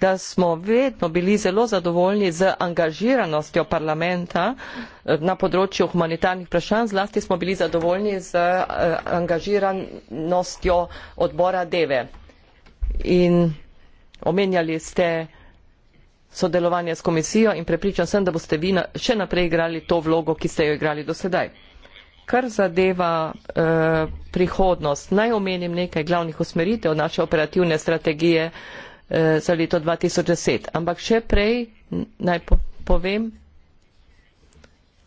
da smo vedno bili zelo zadovoljni z angažiranostjo parlamenta eh, na področju humanitarnih vprašanj, zlasti smo bili zadovoljni z eh, angažiranostjo odbora DEVE. In omenjali ste sodelovanje s komisijo in prepričan sem, da boste vi na, še naprej igrali to vlogo, ki ste jo igrali do sedaj. Kar zadeva eh, prihodnost, naj omenim nekaj glavnih usmeritev naše operativne strategije eh, za leto 2010. Ampak še prej naj po, povem,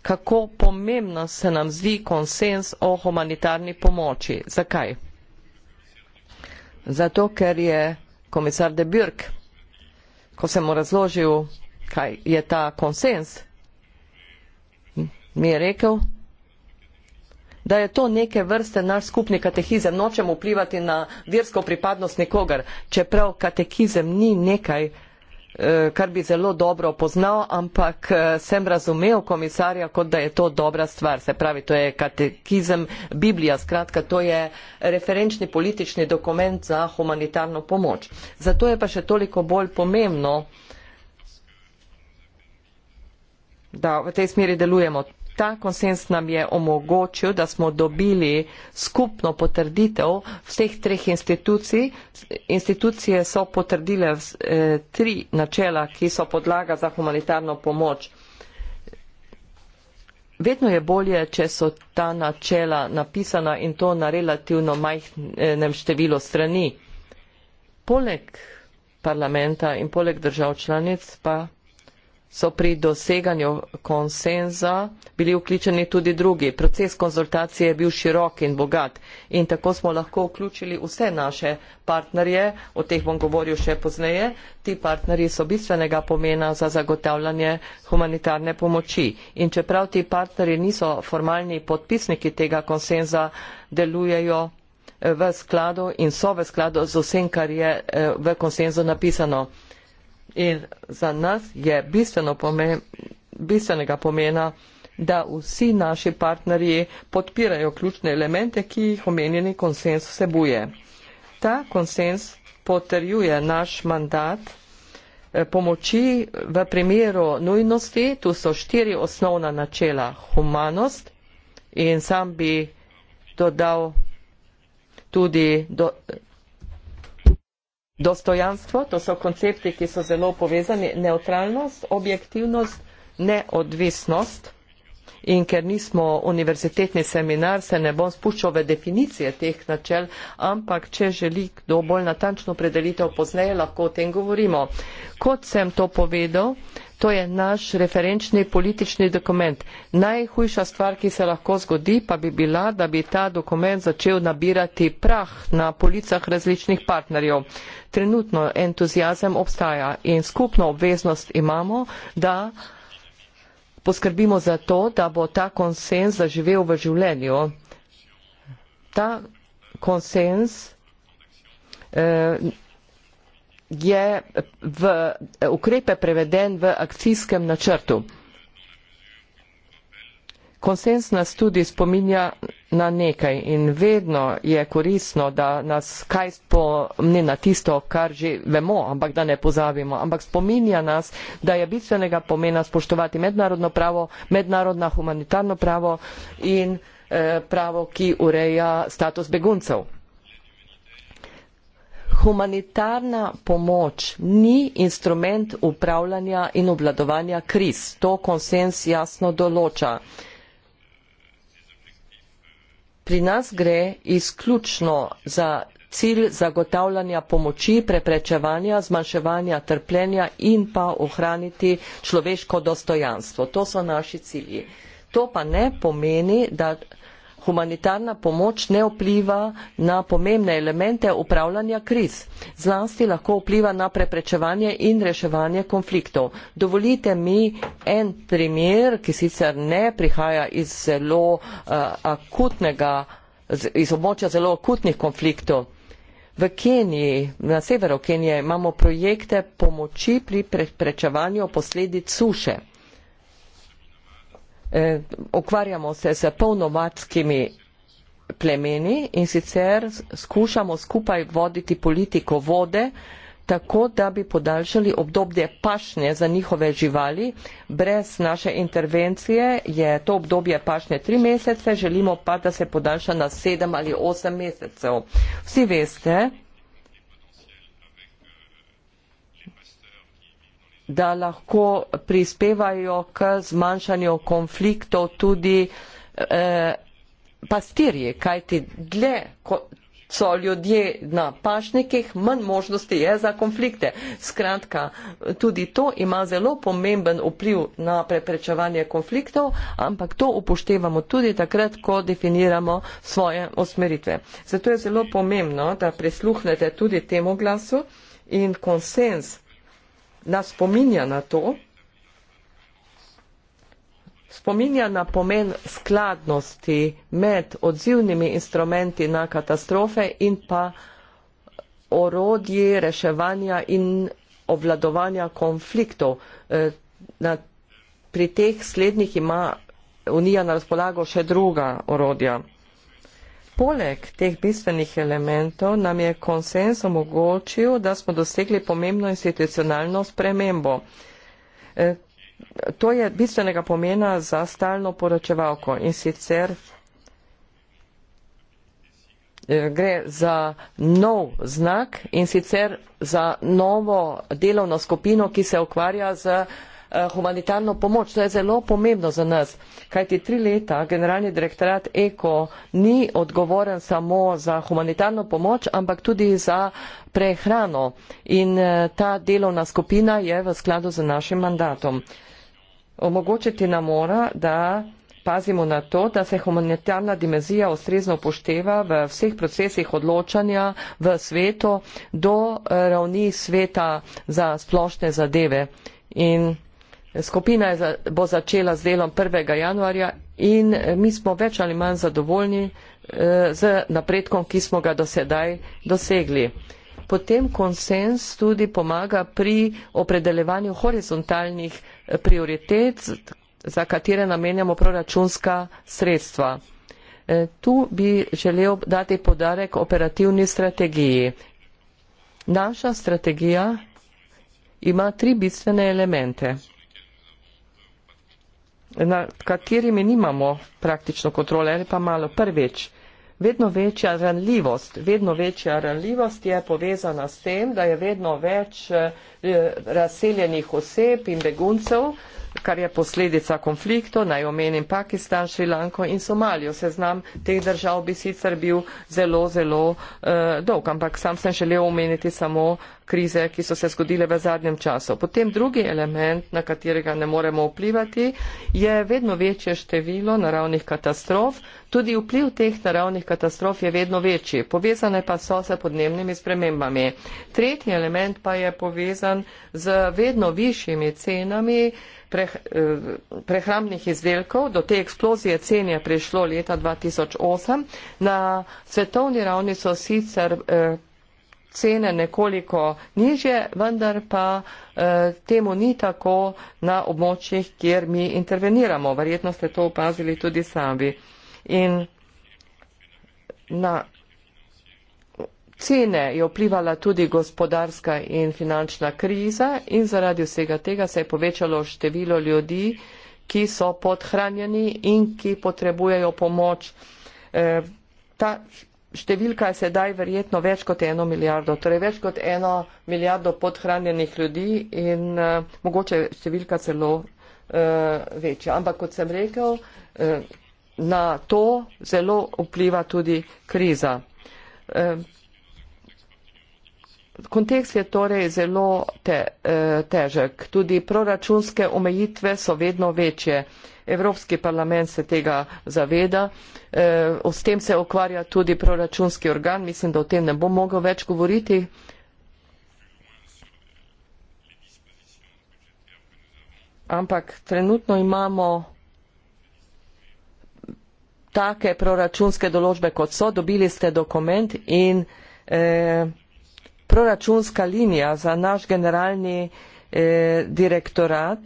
kako pomembno se nam zdi konsens o humanitarni pomoči. Zakaj? Zato, ker je komisar De Birk, ko sem mu razložil, kaj je ta konsens, mi je rekel, da je to neke vrste naš skupni katehizem, nočem vplivati na versko pripadnost nikogar, čeprav katehizem ni nekaj, Eh, kar bi zelo dobro poznal, ampak eh, sem razumel komisarja, kot da je to dobra stvar. Se pravi, to je katekizem, Biblija, skratka, to je referenčni politični dokument za humanitarno pomoč. Zato je pa še toliko bolj pomembno, da v tej smeri delujemo ta konsens nam je omogočil, da smo dobili skupno potrditev vseh treh institucij. Institucije so potrdile eh, tri načela, ki so podlaga za humanitarno pomoč. Vedno je bolje, če so ta načela napisana in to na relativno majhnem številu strani. Poleg parlamenta in poleg držav članic pa so pri doseganju konsenza bili vključeni tudi drugi. Proces konzultacije je bil širok in bogat in tako smo lahko vključili vse naše partnerje, o teh bom govoril še pozneje. Ti partnerji so bistvenega pomena za zagotavljanje humanitarne pomoči. In čeprav ti partnerji niso formalni podpisniki tega konsenza, delujejo eh, v skladu in so v skladu z vsem, kar je eh, v konsenzu napisano in za nas je bistveno pomen, bistvenega pomena, da vsi naši partnerji podpirajo ključne elemente, ki jih omenjeni konsens vsebuje. Ta konsens potrjuje naš mandat eh, pomoči v primeru nujnosti. Tu so štiri osnovna načela. Humanost in sam bi dodal tudi do, dostojanstvo, to so koncepti, ki so zelo povezani, neutralnost, objektivnost, neodvisnost. In ker nismo univerzitetni seminar, se ne bom spuščal v definicije teh načel, ampak če želi kdo bolj natančno predelitev, pozneje lahko o tem govorimo. Kot sem to povedal, to je naš referenčni politični dokument. Najhujša stvar, ki se lahko zgodi, pa bi bila, da bi ta dokument začel nabirati prah na policah različnih partnerjev. Trenutno entuzijazem obstaja in skupno obveznost imamo, da poskrbimo za to, da bo ta konsens zaživel v življenju. Ta konsens eh, je v ukrepe preveden v akcijskem načrtu. Konsens nas tudi spominja na nekaj in vedno je korisno, da nas kaj spomni na tisto, kar že vemo, ampak da ne pozabimo, ampak spominja nas, da je bistvenega pomena spoštovati mednarodno pravo, mednarodno humanitarno pravo in eh, pravo, ki ureja status beguncev humanitarna pomoč ni instrument upravljanja in obladovanja kriz. To konsens jasno določa. Pri nas gre izključno za cilj zagotavljanja pomoči, preprečevanja, zmanjševanja trpljenja in pa ohraniti človeško dostojanstvo. To so naši cilji. To pa ne pomeni, da humanitarna pomoč ne vpliva na pomembne elemente upravljanja kriz. Zlasti lahko vpliva na preprečevanje in reševanje konfliktov. Dovolite mi en primer, ki sicer ne prihaja iz zelo uh, akutnega, iz območja zelo akutnih konfliktov. V Keniji, na severu Kenije, imamo projekte pomoči pri preprečevanju posledic suše. E, ukvarjamo se s polnomadskimi plemeni in sicer skušamo skupaj voditi politiko vode, tako da bi podaljšali obdobje pašnje za njihove živali. Brez naše intervencije je to obdobje pašnje tri mesece, želimo pa, da se podaljša na sedem ali osem mesecev. Vsi veste, da lahko prispevajo k zmanjšanju konfliktov tudi eh, pastirji, kajti dlje so ljudje na pašnikih, manj možnosti je za konflikte. Skratka, tudi to ima zelo pomemben vpliv na preprečevanje konfliktov, ampak to upoštevamo tudi takrat, ko definiramo svoje osmeritve. Zato je zelo pomembno, da prisluhnete tudi temu glasu in konsens nas spominja na to, spominja na pomen skladnosti med odzivnimi instrumenti na katastrofe in pa orodji reševanja in obvladovanja konfliktov. E, na, pri teh slednjih ima Unija na razpolago še druga orodja. Poleg teh bistvenih elementov nam je konsens omogočil, da smo dosegli pomembno institucionalno spremembo. E, to je bistvenega pomena za stalno poročevalko in sicer e, gre za nov znak in sicer za novo delovno skupino, ki se ukvarja z Eh, humanitarno pomoč. To je zelo pomembno za nas, kajti tri leta generalni direktorat ECO ni odgovoren samo za humanitarno pomoč, ampak tudi za prehrano. In eh, ta delovna skupina je v skladu z našim mandatom. Omogočiti nam mora, da pazimo na to, da se humanitarna dimenzija ustrezno upošteva v vseh procesih odločanja v svetu do ravni sveta za splošne zadeve. In skupina za, bo začela z delom 1. januarja in eh, mi smo več ali manj zadovoljni eh, z napredkom, ki smo ga dosedaj dosegli. Potem konsens tudi pomaga pri opredeljevanju horizontalnih eh, prioritet, za katere namenjamo proračunska sredstva. Tu bi želel dati podarek operativni strategiji. Naša strategija ima tri bistvene elemente nad katerimi nimamo praktično kontrole ali pa malo. Prvič, vedno večja ranljivost, vedno večja ranljivost je povezana s tem, da je vedno več eh, razseljenih oseb in beguncev, kar je posledica konfliktov, naj omenim Pakistan, Šrilanko in Somalijo. Seznam teh držav bi sicer bil zelo, zelo eh, dolg, ampak sam sem želel omeniti samo krize, ki so se zgodile v zadnjem času. Potem drugi element, na katerega ne moremo vplivati, je vedno večje število naravnih katastrof. Tudi vpliv teh naravnih katastrof je vedno večji. Povezane pa so se podnebnimi spremembami. Tretji element pa je povezan z vedno višjimi cenami pre, eh, prehrambnih izdelkov, do te eksplozije cen je prišlo leta 2008. Na svetovni ravni so sicer eh, cene nekoliko nižje, vendar pa eh, temu ni tako na območjih, kjer mi interveniramo. Verjetno ste to opazili tudi sami. In na cene je vplivala tudi gospodarska in finančna kriza in zaradi vsega tega se je povečalo število ljudi, ki so podhranjeni in ki potrebujejo pomoč. E, ta številka je sedaj verjetno več kot eno milijardo, torej več kot eno milijardo podhranjenih ljudi in e, mogoče številka celo e, večja. Ampak kot sem rekel, e, na to zelo vpliva tudi kriza. E, Kontekst je torej zelo te, eh, težek. Tudi proračunske omejitve so vedno večje. Evropski parlament se tega zaveda. Eh, s tem se ukvarja tudi proračunski organ. Mislim, da o tem ne bom mogel več govoriti. Ampak trenutno imamo take proračunske določbe, kot so. Dobili ste dokument in. Eh, proračunska linija za naš generalni eh, direktorat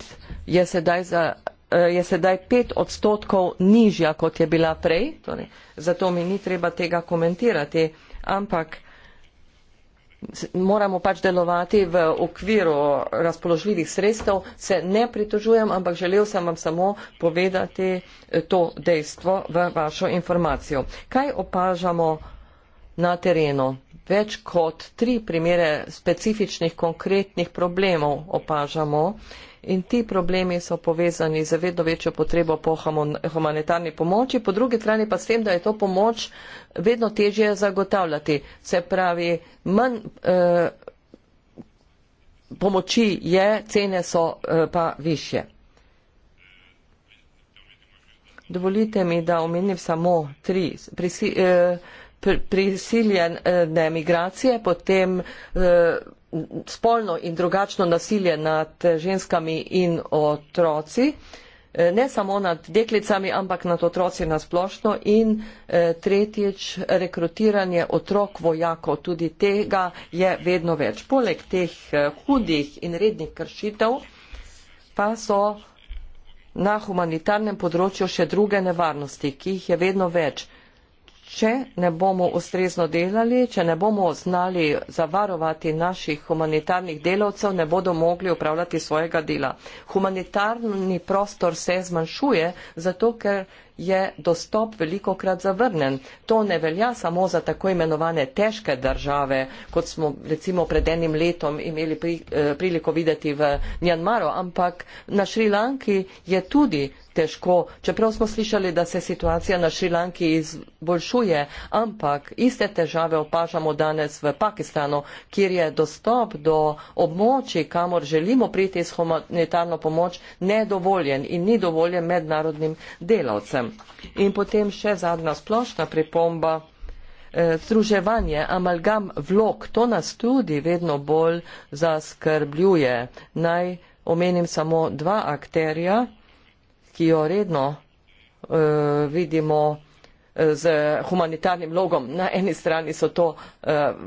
je sedaj, za, eh, je sedaj pet odstotkov nižja, kot je bila prej. Torej, zato mi ni treba tega komentirati, ampak moramo pač delovati v okviru razpoložljivih sredstev. Se ne pritožujem, ampak želel sem vam samo povedati eh, to dejstvo v vašo informacijo. Kaj opažamo na terenu? več kot tri primere specifičnih konkretnih problemov opažamo in ti problemi so povezani z vedno večjo potrebo po humanitarni pomoči, po drugi strani pa s tem, da je to pomoč vedno težje zagotavljati. Se pravi, manj eh, pomoči je, cene so eh, pa više. Dovolite mi, da omenim samo tri. Prisi, eh, prisiljene eh, migracije, potem eh, spolno in drugačno nasilje nad eh, ženskami in otroci, ne samo nad deklicami, ampak nad otroci nasplošno in tretjič rekrutiranje otrok vojakov. Tudi tega je vedno več. Poleg teh hudih in rednih kršitev pa so na humanitarnem področju še druge nevarnosti, ki jih je vedno več če ne bomo ustrezno delali, če ne bomo znali zavarovati naših humanitarnih delavcev, ne bodo mogli upravljati svojega dela. Humanitarni prostor se zmanjšuje, zato ker je dostop veliko krat zavrnen. To ne velja samo za tako imenovane težke države, kot smo recimo pred enim letom imeli pri, eh, priliko videti v Mjanmaru, ampak na Šrilanki je tudi težko. Čeprav smo slišali, da se situacija na Šrilanki izboljšuje, ampak iste težave opažamo danes v Pakistanu, kjer je dostop do območij, kamor želimo priti s humanitarno pomoč, nedovoljen in ni dovoljen mednarodnim delavcem. In potem še zadnja splošna pripomba. Eh, združevanje amalgam vlog, to nas tudi vedno bolj zaskrbljuje. Naj omenim samo dva akterja, ki jo redno uh, vidimo eh, z humanitarnim logom. Na eni strani so to uh,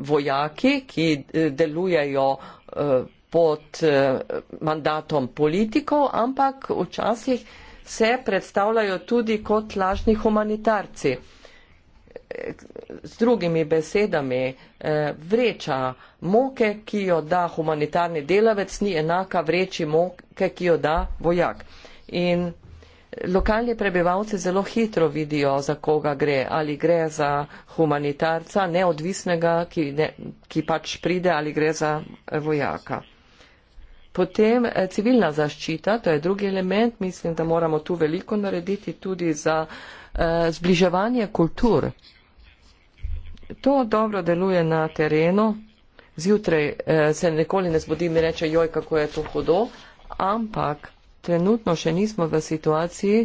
vojaki, ki delujejo uh, pod uh, mandatom politikov, ampak včasih se predstavljajo tudi kot lažni humanitarci. Z drugimi besedami, vreča moke, ki jo da humanitarni delavec, ni enaka vreči moke, ki jo da vojak. In lokalni prebivalci zelo hitro vidijo, za koga gre, ali gre za humanitarca, neodvisnega, ki, ne, ki pač pride, ali gre za eh, vojaka. Potem eh, civilna zaščita, to je drugi element, mislim, da moramo tu veliko narediti tudi za eh, zbliževanje kultur. To dobro deluje na terenu. Zjutraj eh, se nikoli ne zbudim in reče, joj, kako je to hudo, ampak trenutno še nismo v situaciji,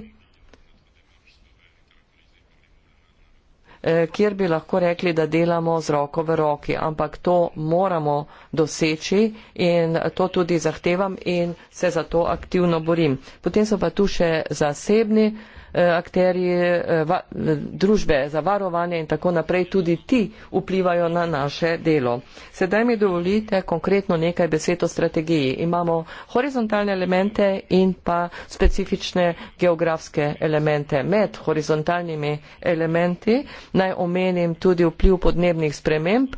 eh, kjer bi lahko rekli, da delamo z roko v roki, ampak to moramo doseči in to tudi zahtevam in se za to aktivno borim. Potem so pa tu še zasebni. Eh, akterji eh, va, eh, družbe za varovanje in tako naprej, tudi ti vplivajo na naše delo. Sedaj mi dovolite konkretno nekaj besed o strategiji. Imamo horizontalne elemente in pa specifične geografske elemente. Med horizontalnimi elementi naj omenim tudi vpliv podnebnih sprememb.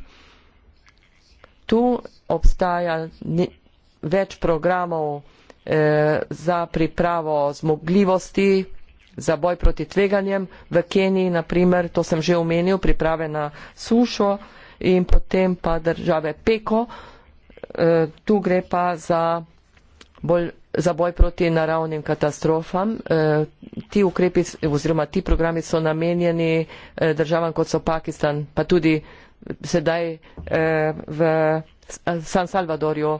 Tu obstaja ni, več programov za pripravo zmogljivosti za boj proti tveganjem v Keniji, na primer, to sem že omenil, priprave na sušo in potem pa države peko. E, tu gre pa za, bolj, za boj proti naravnim katastrofam. E, ti ukrepi oziroma ti programi so namenjeni e, državam, kot so Pakistan, pa tudi sedaj v San Salvadorju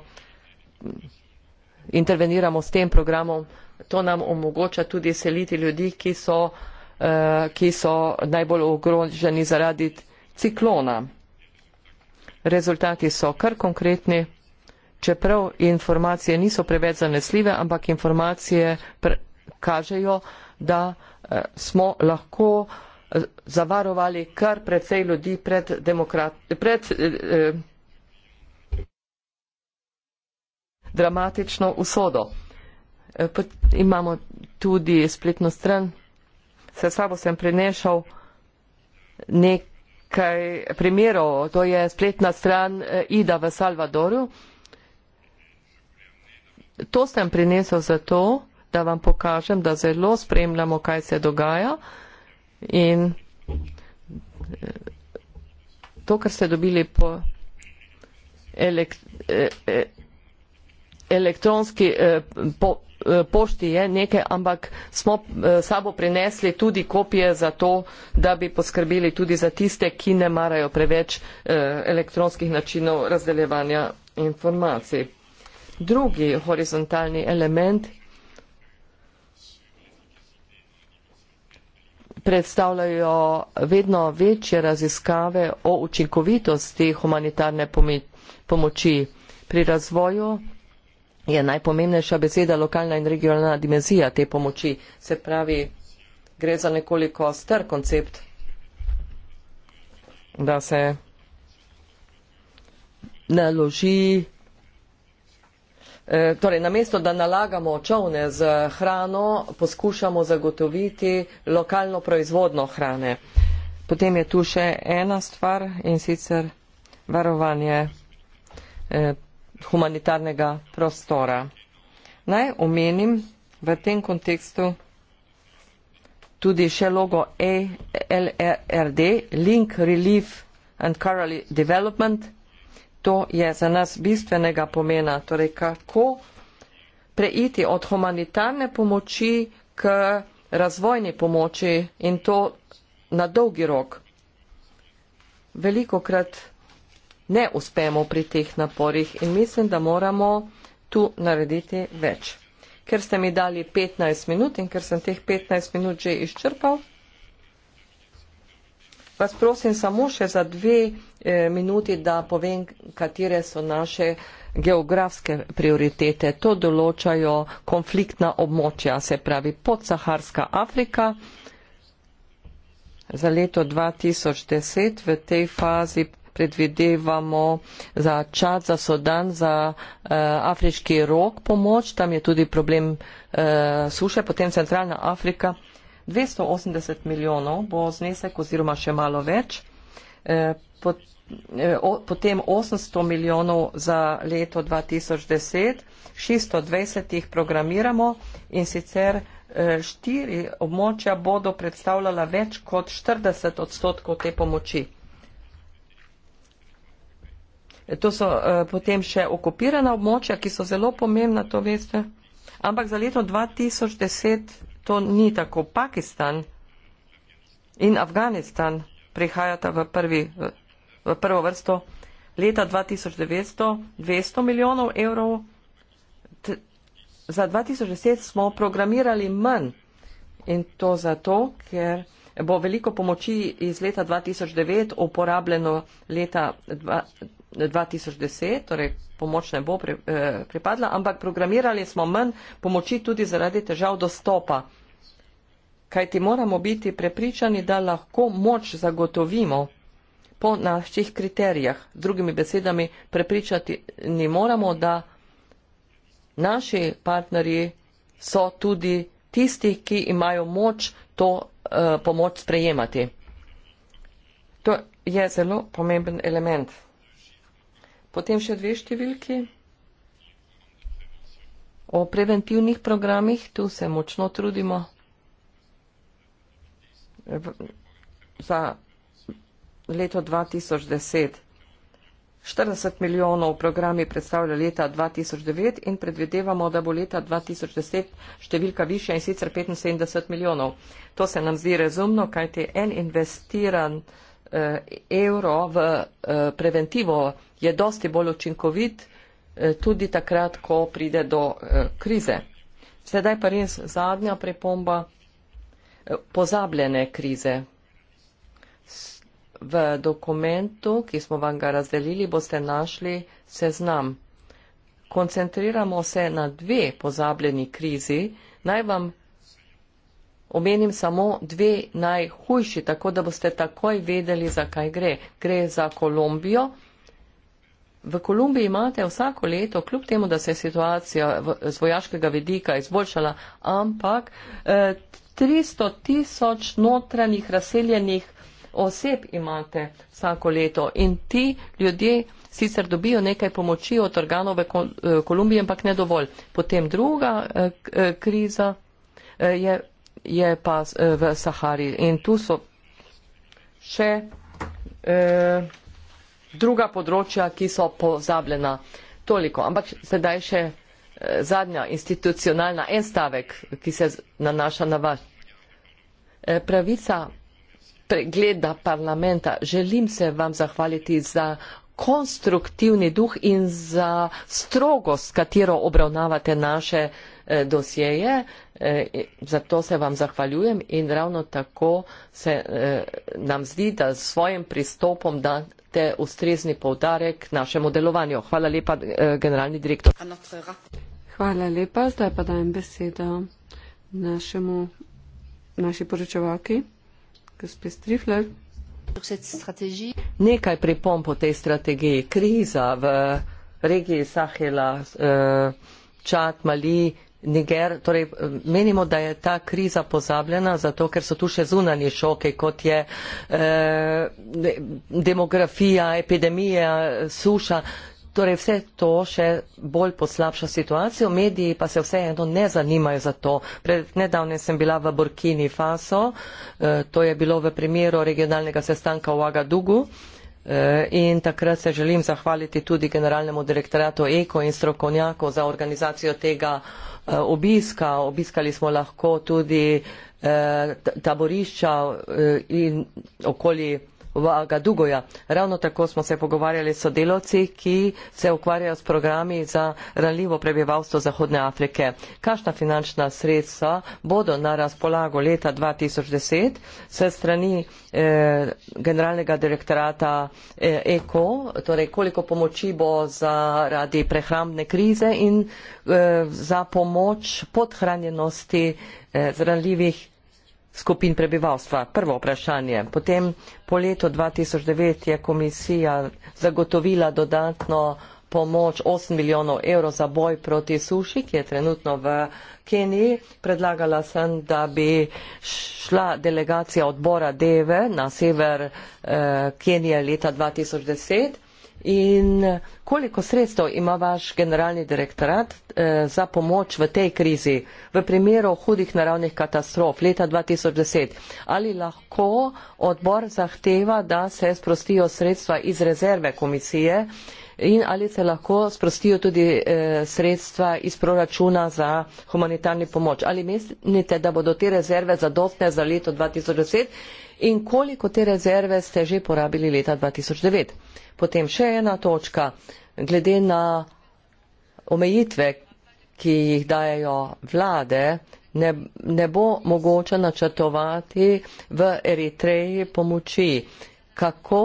interveniramo s tem programom to nam omogoča tudi seliti ljudi, ki so, eh, ki so najbolj ogroženi zaradi ciklona. Rezultati so kar konkretni, čeprav informacije niso preveč zanesljive, ampak informacije kažejo, da eh, smo lahko eh, zavarovali kar precej ljudi pred, demokrat, pred eh, dramatično usodo. Eh, pot imamo tudi spletno stran, se sabo sem prenešal nekaj primerov, to je spletna stran eh, Ida v Salvadoru. To sem prinesel zato, da vam pokažem, da zelo spremljamo, kaj se dogaja in eh, to, kar ste dobili po elekt, elektronski po, Eh, pošti je nekaj, ampak smo eh, sabo prinesli tudi kopije za to, da bi poskrbeli tudi za tiste, ki ne marajo preveč eh, elektronskih načinov razdeljevanja informacij. Drugi horizontalni element predstavljajo vedno večje raziskave o učinkovitosti humanitarne pomoči. Pri razvoju je najpomembnejša beseda lokalna in regionalna dimenzija te pomoči. Se pravi, gre za nekoliko star koncept, da se naloži. Eh, torej, namesto, da nalagamo čovne z hrano, poskušamo zagotoviti lokalno proizvodno hrane. Potem je tu še ena stvar in sicer varovanje eh, humanitarnega prostora. Naj omenim v tem kontekstu tudi še logo ALRD, e Link Relief and Currently Development. To je za nas bistvenega pomena, torej kako preiti od humanitarne pomoči k razvojni pomoči in to na dolgi rok. Veliko krat ne uspemo pri teh naporih in mislim, da moramo tu narediti več. Ker ste mi dali 15 minut in ker sem teh 15 minut že izčrpal, vas prosim samo še za dve eh, minuti, da povem, katere so naše geografske prioritete. To določajo konfliktna območja, se pravi podsaharska Afrika. Za leto 2010 v tej fazi predvidevamo za čad, za Sodan, za uh, afriški rok pomoč, tam je tudi problem uh, suše, potem centralna Afrika. 280 milijonov bo znesek oziroma še malo več, eh, potem 800 milijonov za leto 2010, 620 jih programiramo in sicer štiri območja bodo predstavljala več kot 40 odstotkov te pomoči. To so eh, potem še okupirana območja, ki so zelo pomembna, to veste. Ampak za leto 2010 to ni tako. Pakistan in Afganistan prihajata v, prvi, v prvo vrsto. Leta 2900 200 milijonov evrov. T za 2010 smo programirali manj in to zato, ker bo veliko pomoči iz leta 2009 uporabljeno leta 2010. 2010, torej pomoč ne bo eh, pripadla, ampak programirali smo manj pomoči tudi zaradi težav dostopa. Kaj ti moramo biti prepričani, da lahko moč zagotovimo po naših kriterijah. Drugimi besedami, prepričati ni moramo, da naši partnerji so tudi tisti, ki imajo moč to uh, pomoč sprejemati. To je zelo pomemben element. Potem še dve številki. O preventivnih programih, tu se močno trudimo za leto 2010. 40 milijonov programi predstavlja leta 2009 in predvidevamo, da bo leta 2010 številka višja in sicer 75 milijonov. To se nam zdi razumno, kajte en investiran eh, evro v eh, preventivo je dosti bolj učinkovit eh, tudi takrat, ko pride do eh, krize. Sedaj pa res zadnja prepomba eh, pozabljene krize. V dokumentu, ki smo vam ga razdelili, boste našli seznam. Koncentriramo se na dve pozabljeni krizi. Naj vam omenim samo dve najhujši, tako da boste takoj vedeli, zakaj gre. Gre za Kolumbijo V Kolumbiji imate vsako leto, kljub temu, da se je situacija v, z vojaškega vidika izboljšala, ampak eh, 300 tisoč notranjih razseljenih oseb imate vsako leto in ti ljudje sicer dobijo nekaj pomoči od organov v eh, Kolumbiji, ampak ne dovolj. Potem druga eh, eh, kriza eh, je, je pa eh, v Sahari in tu so še. Eh, druga področja, ki so pozabljena toliko. Ampak sedaj še eh, zadnja institucionalna en stavek, ki se nanaša na vas. Eh, pravica pregleda parlamenta. Želim se vam zahvaliti za konstruktivni duh in za strogost, katero obravnavate naše eh, dosjeje. Zato se vam zahvaljujem in ravno tako se nam zdi, da s svojim pristopom da date ustrezni povdarek našemu delovanju. Hvala lepa, eh, generalni direktor. Hvala lepa, zdaj pa dajem besedo našemu, naši poročevalki, gospe Strifler. Nekaj pripomp o tej strategiji. Kriza v regiji Sahela, eh, Čad, Mali, Niger, torej menimo, da je ta kriza pozabljena, zato ker so tu še zunani šoke, kot je eh, demografija, epidemija, suša. Torej vse to še bolj poslabša situacijo, mediji pa se vseeno ne zanimajo za to. Pred nedavnem sem bila v Burkini Faso, eh, to je bilo v primeru regionalnega sestanka v Agadugu. Eh, Eh, in takrat se želim zahvaliti tudi generalnemu direktoratu Eko in strokovnjaku za organizacijo tega eh, obiska. Obiskali smo lahko tudi eh, taborišča in okoli v Agadugoja. Ravno tako smo se pogovarjali s sodelovci, ki se ukvarjajo s programi za ranljivo prebivalstvo Zahodne Afrike. Kakšna finančna sredstva bodo na razpolago leta 2010 se strani eh, generalnega direktorata eh, ECO, torej koliko pomoči bo zaradi prehrambne krize in eh, za pomoč podhranjenosti eh, zranljivih skupin prebivalstva. Prvo vprašanje. Potem po letu 2009 je komisija zagotovila dodatno pomoč 8 milijonov evrov za boj proti suši, ki je trenutno v Keniji. Predlagala sem, da bi šla delegacija odbora DEVE na sever eh, Kenije leta 2010. In eh, koliko sredstev ima vaš generalni direktorat eh, za pomoč v tej krizi, v primeru hudih naravnih katastrof leta 2010? Ali lahko odbor zahteva, da se sprostijo sredstva iz rezerve komisije in ali se lahko sprostijo tudi eh, sredstva iz proračuna za humanitarni pomoč? Ali mislite, da bodo te rezerve zadostne za leto 2010 in koliko te rezerve ste že porabili leta 2009? Potem še ena točka, glede na omejitve, ki jih dajo vlade, ne, ne bo mogoče načrtovati v Eritreji pomoči. Kako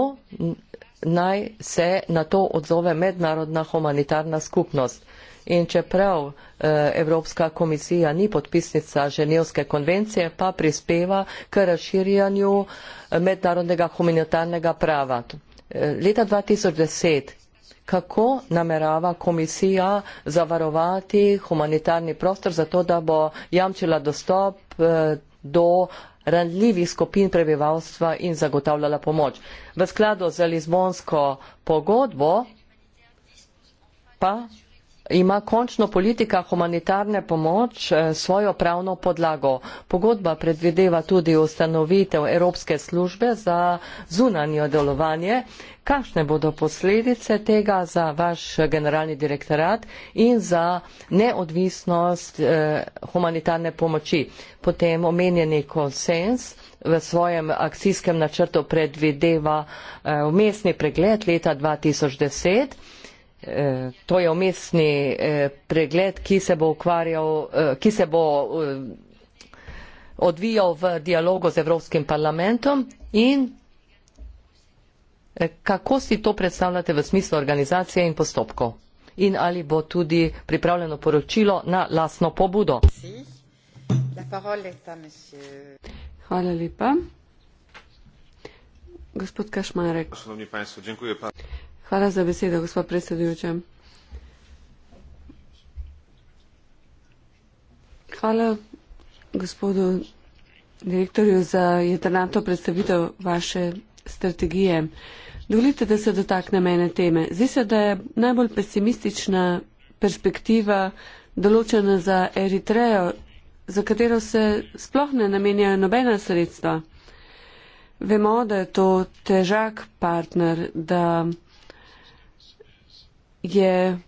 naj se na to odzove mednarodna humanitarna skupnost? In čeprav eh, Evropska komisija ni podpisnica Ženevske konvencije, pa prispeva k razširjanju eh, mednarodnega humanitarnega prava leta 2010, kako namerava komisija zavarovati humanitarni prostor za to, da bo jamčila dostop eh, do ranljivih skupin prebivalstva in zagotavljala pomoč. V skladu z Lizbonsko pogodbo pa ima končno politika humanitarne pomoč eh, svojo pravno podlago. Pogodba predvideva tudi ustanovitev Evropske službe za zunanje delovanje. Kakšne bodo posledice tega za vaš generalni direktorat in za neodvisnost eh, humanitarne pomoči? Potem omenjeni konsens v svojem akcijskem načrtu predvideva umestni eh, pregled leta 2010. Eh, to je omestni eh, pregled, ki se bo ukvarjal, eh, ki se bo odvijal v dialogu z Evropskim parlamentom in kako si to predstavljate v smislu organizacije in postopkov in ali bo tudi pripravljeno poročilo na lasno pobudo. Hvala lepa. Gospod Kašmarek. Gospod Kašmarek. Hvala za besedo, gospod predsedujoča. Hvala gospodu direktorju za jedrnato predstavitev vaše strategije. Dovolite, da se dotaknem ene teme. Zdi se, da je najbolj pesimistična perspektiva določena za Eritrejo, za katero se sploh ne namenjajo nobena sredstva. Vemo, da je to težak partner, da je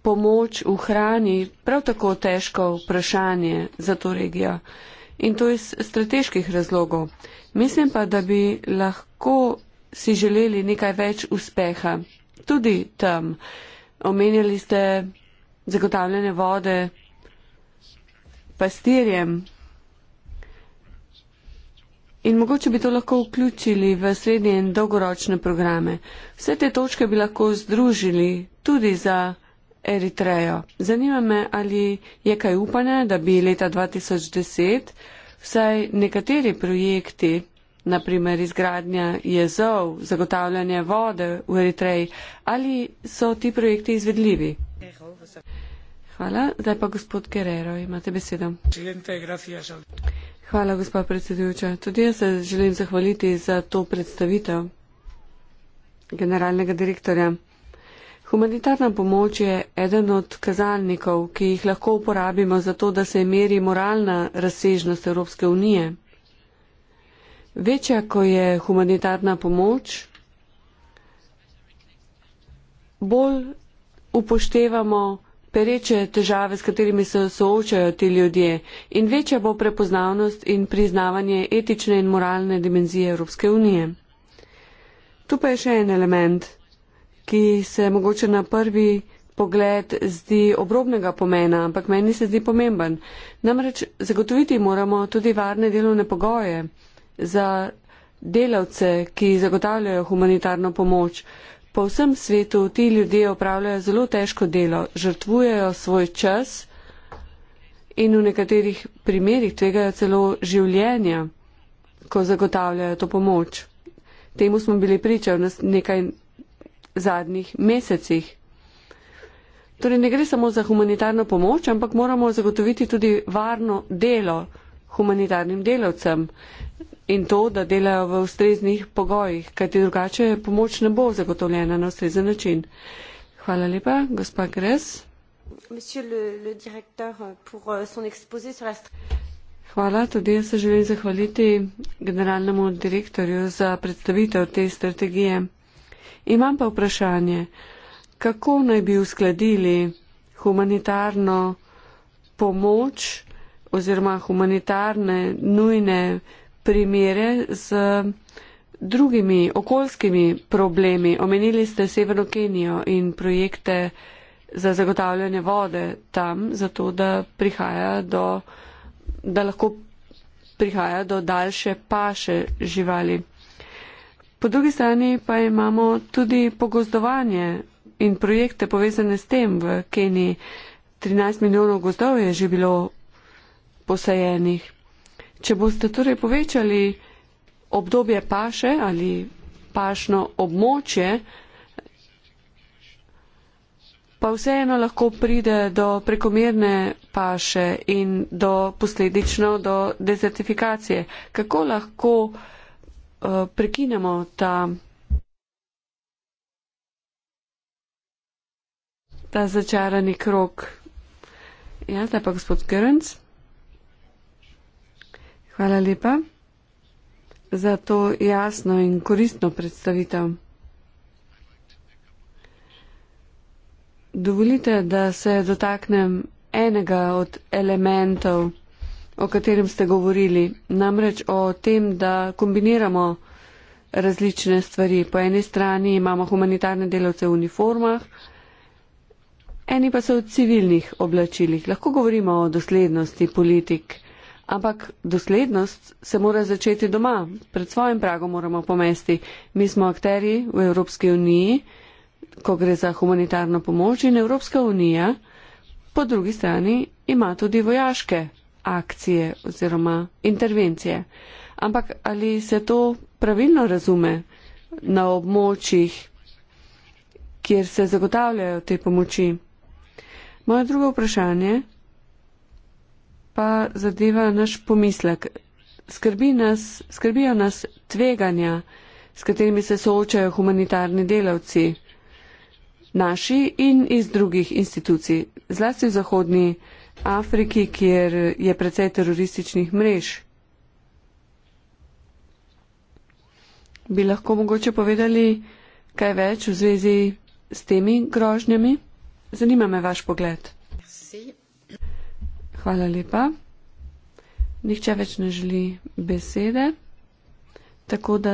pomoč v hrani prav tako težko vprašanje za to regijo. In to iz strateških razlogov. Mislim pa, da bi lahko si želeli nekaj več uspeha. Tudi tam. Omenjali ste zagotavljanje vode pastirjem, In mogoče bi to lahko vključili v srednje in dolgoročne programe. Vse te točke bi lahko združili tudi za Eritrejo. Zanima me, ali je kaj upanja, da bi leta 2010 vsaj nekateri projekti, naprimer izgradnja jezov, zagotavljanje vode v Eritreji, ali so ti projekti izvedljivi? Hvala. Zdaj pa gospod Guerrero, imate besedo. Gracias. Hvala, gospod predsedujoča. Tudi jaz se želim zahvaliti za to predstavitev generalnega direktorja. Humanitarna pomoč je eden od kazalnikov, ki jih lahko uporabimo za to, da se meri moralna razsežnost Evropske unije. Večja, ko je humanitarna pomoč, bolj upoštevamo pereče težave, s katerimi se soočajo ti ljudje in večja bo prepoznavnost in priznavanje etične in moralne dimenzije Evropske unije. Tu pa je še en element, ki se mogoče na prvi pogled zdi obrobnega pomena, ampak meni se zdi pomemben. Namreč zagotoviti moramo tudi varne delovne pogoje za delavce, ki zagotavljajo humanitarno pomoč, po vsem svetu ti ljudje opravljajo zelo težko delo, žrtvujejo svoj čas in v nekaterih primerjih tvegajo celo življenja, ko zagotavljajo to pomoč. Temu smo bili priča v nekaj zadnjih mesecih. Torej ne gre samo za humanitarno pomoč, ampak moramo zagotoviti tudi varno delo humanitarnim delavcem in to, da delajo v ustreznih pogojih, kajti drugače pomoč ne bo zagotovljena na ustrezen način. Hvala lepa, gospa Gres. Euh, Hvala, tudi jaz se želim zahvaliti generalnemu direktorju za predstavitev te strategije. Imam pa vprašanje, kako naj bi uskladili humanitarno pomoč oziroma humanitarne nujne primere z drugimi okoljskimi problemi. Omenili ste Severno Kenijo in projekte za zagotavljanje vode tam, zato da, prihaja do, da lahko prihaja do daljše paše živali. Po drugi strani pa imamo tudi pogozdovanje in projekte povezane s tem v Keniji. 13 milijonov gozdov je že bilo posajenih. Če boste torej povečali obdobje paše ali pašno območje, pa vseeno lahko pride do prekomerne paše in do posledično do desertifikacije. Kako lahko uh, prekinemo ta, ta začarani krok? Ja, zdaj pa gospod Gerns. Hvala lepa za to jasno in koristno predstavitev. Dovolite, da se dotaknem enega od elementov, o katerem ste govorili, namreč o tem, da kombiniramo različne stvari. Po eni strani imamo humanitarne delavce v uniformah, eni pa so v civilnih oblačilih. Lahko govorimo o doslednosti politik. Ampak doslednost se mora začeti doma, pred svojim pragom moramo pomesti. Mi smo akteri v Evropski uniji, ko gre za humanitarno pomoč in Evropska unija, po drugi strani ima tudi vojaške akcije oziroma intervencije. Ampak ali se to pravilno razume na območjih, kjer se zagotavljajo te pomoči? Moje drugo vprašanje pa zadeva naš pomislek. Skrbi nas, skrbijo nas tveganja, s katerimi se soočajo humanitarni delavci, naši in iz drugih institucij, zlasti v Zahodni Afriki, kjer je precej terorističnih mrež. Bi lahko mogoče povedali kaj več v zvezi s temi grožnjami? Zanima me vaš pogled. Merci. Hvala lepa. Nihče več ne želi besede, tako da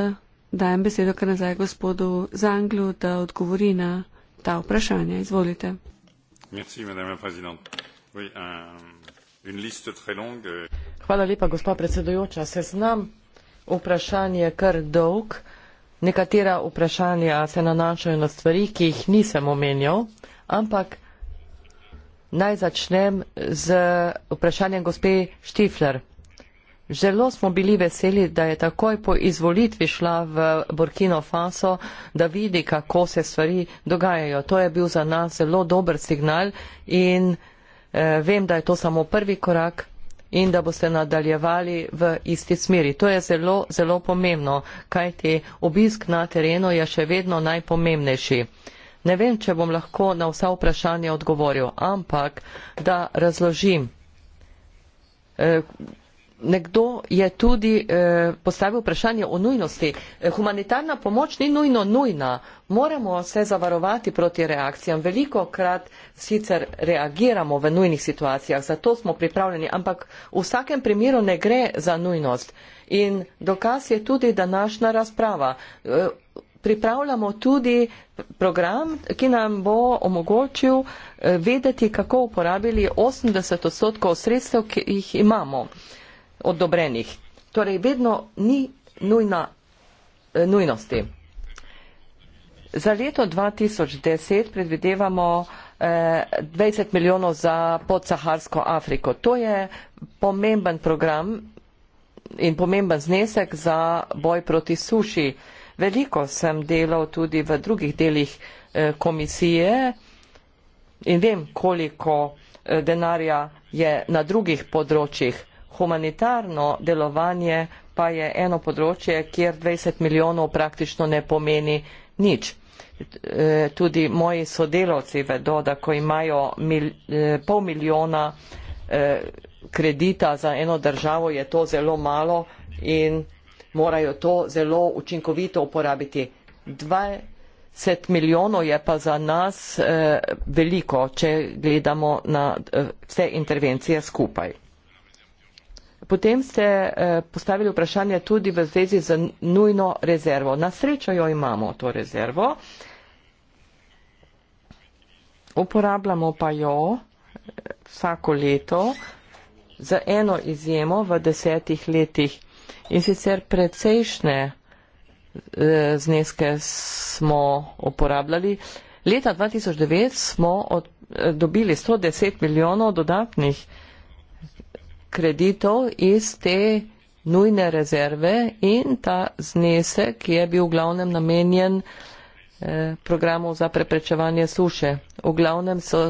dajem besedo kar nazaj gospodu Zanglu, da odgovori na ta vprašanja. Izvolite. Merci, euh, euh, Hvala lepa, gospa predsedujoča. Se znam, vprašanje je kar dolg. Nekatera vprašanja se nanašajo na stvari, ki jih nisem omenjal, ampak Naj začnem z vprašanjem gospe Štifler. Zelo smo bili veseli, da je takoj po izvolitvi šla v Burkino Faso, da vidi, kako se stvari dogajajo. To je bil za nas zelo dober signal in eh, vem, da je to samo prvi korak in da boste nadaljevali v isti smeri. To je zelo, zelo pomembno, kajti obisk na terenu je še vedno najpomembnejši. Eh, Ne vem, če bom lahko na vsa vprašanja odgovoril, ampak da razložim. E, nekdo je tudi e, postavil vprašanje o nujnosti. E, humanitarna pomoč ni nujno nujna. Moramo se zavarovati proti reakcijam. Veliko krat sicer reagiramo v nujnih situacijah, zato smo pripravljeni, ampak v vsakem primeru ne gre za nujnost. In dokaz je tudi današnja razprava pripravljamo tudi program, ki nam bo omogočil eh, vedeti, kako uporabili 80 odstotkov sredstev, ki jih imamo odobrenih. Torej, vedno ni nujna, eh, nujnosti. Za leto 2010 predvidevamo 20 eh, milijonov za podsaharsko Afriko. To je pomemben program in pomemben znesek za boj proti suši. Veliko sem delal tudi v drugih delih eh, komisije in vem, koliko eh, denarja je na drugih področjih. Humanitarno delovanje pa je eno področje, kjer 20 milijonov praktično ne pomeni nič. Eh, tudi moji sodelovci vedo, da ko imajo mil, pol milijona kredita za eno državo, je to zelo malo in morajo to zelo učinkovito uporabiti. 20 milijonov je pa za nas eh, veliko, če gledamo na eh, vse intervencije skupaj. Potem ste eh, postavili vprašanje tudi v zvezi z nujno rezervo. Na srečo jo imamo, to rezervo. Uporabljamo pa jo eh, vsako leto za eno izjemo v desetih letih In sicer precejšnje e, zneske smo uporabljali. Leta 2009 smo od, e, dobili 110 milijonov dodatnih kreditov iz te nujne rezerve in ta znesek je bil v glavnem namenjen e, programov za preprečevanje suše. V glavnem so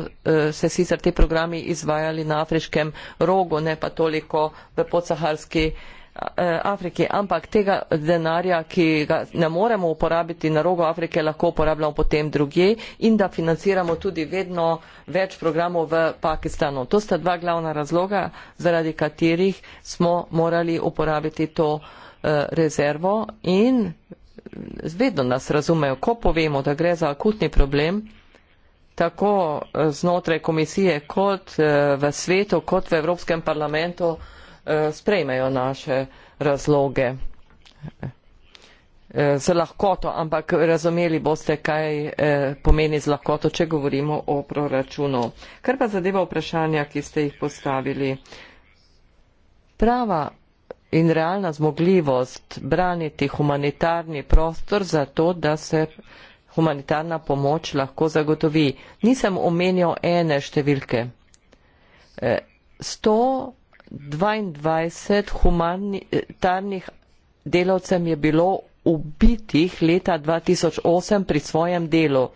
se sicer ti programi izvajali na afriškem rogu, ne pa toliko v podsaharski eh, Eh, Afriki, ampak tega denarja, ki ga ne moremo uporabiti na rogu Afrike, lahko uporabljamo potem drugje in da financiramo tudi vedno več programov v Pakistanu. To sta dva glavna razloga, zaradi katerih smo morali uporabiti to eh, rezervo in eh, vedno nas razumejo, ko povemo, da gre za akutni problem, tako znotraj komisije kot v svetu, kot v Evropskem parlamentu, Eh, sprejmejo naše razloge eh, z lahkoto, ampak razumeli boste, kaj eh, pomeni z lahkoto, če govorimo o proračunu. Kar pa zadeva vprašanja, ki ste jih postavili. Prava in realna zmogljivost braniti humanitarni prostor za to, da se humanitarna pomoč lahko zagotovi. Nisem omenjal ene številke. 100 dvaindvajset humanitarnih delavcem je bilo ubitih leta dva tisoč osem pri svojem delu.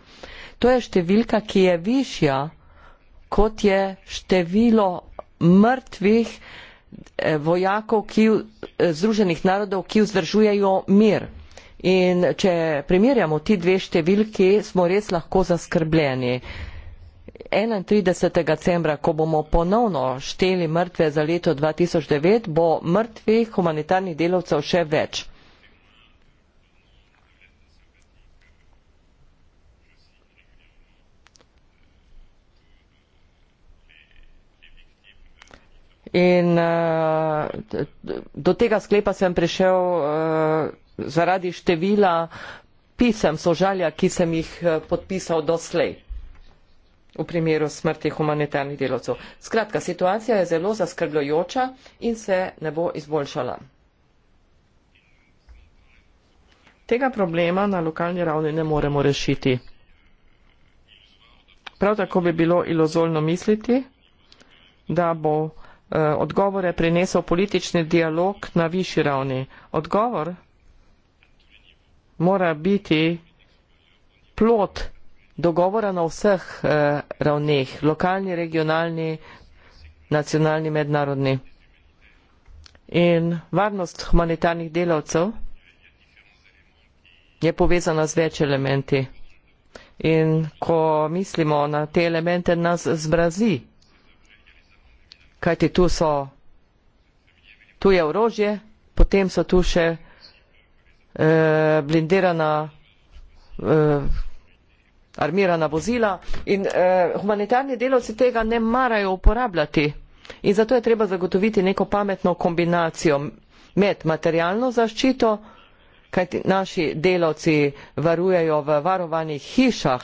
To je številka, ki je višja kot je število mrtvih eh, vojakov ki, eh, Združenih narodov, ki vzdržujejo mir. In če primerjamo ti dve številki, smo res lahko zaskrbljeni. 31. decembra, ko bomo ponovno šteli mrtve za leto 2009, bo mrtvih humanitarnih delavcev še več. In eh, do tega sklepa sem prišel eh, zaradi števila pisem sožalja, ki sem jih eh, podpisal doslej v primeru smrti humanitarnih delovcev. Skratka, situacija je zelo zaskrbljujoča in se ne bo izboljšala. Tega problema na lokalni ravni ne moremo rešiti. Prav tako bi bilo ilozolno misliti, da bo eh, odgovore prinesel politični dialog na višji ravni. Odgovor mora biti plot dogovora na vseh eh, ravneh, lokalni, regionalni, nacionalni, mednarodni. In varnost humanitarnih delavcev je povezana z več elementi. In ko mislimo na te elemente, nas zbrazi, kajti tu, so, tu je orožje, potem so tu še eh, blindirana. Eh, armirana vozila in eh, humanitarni delavci tega ne marajo uporabljati. In zato je treba zagotoviti neko pametno kombinacijo med materialno zaščito, kaj naši delavci varujejo v varovanih hišah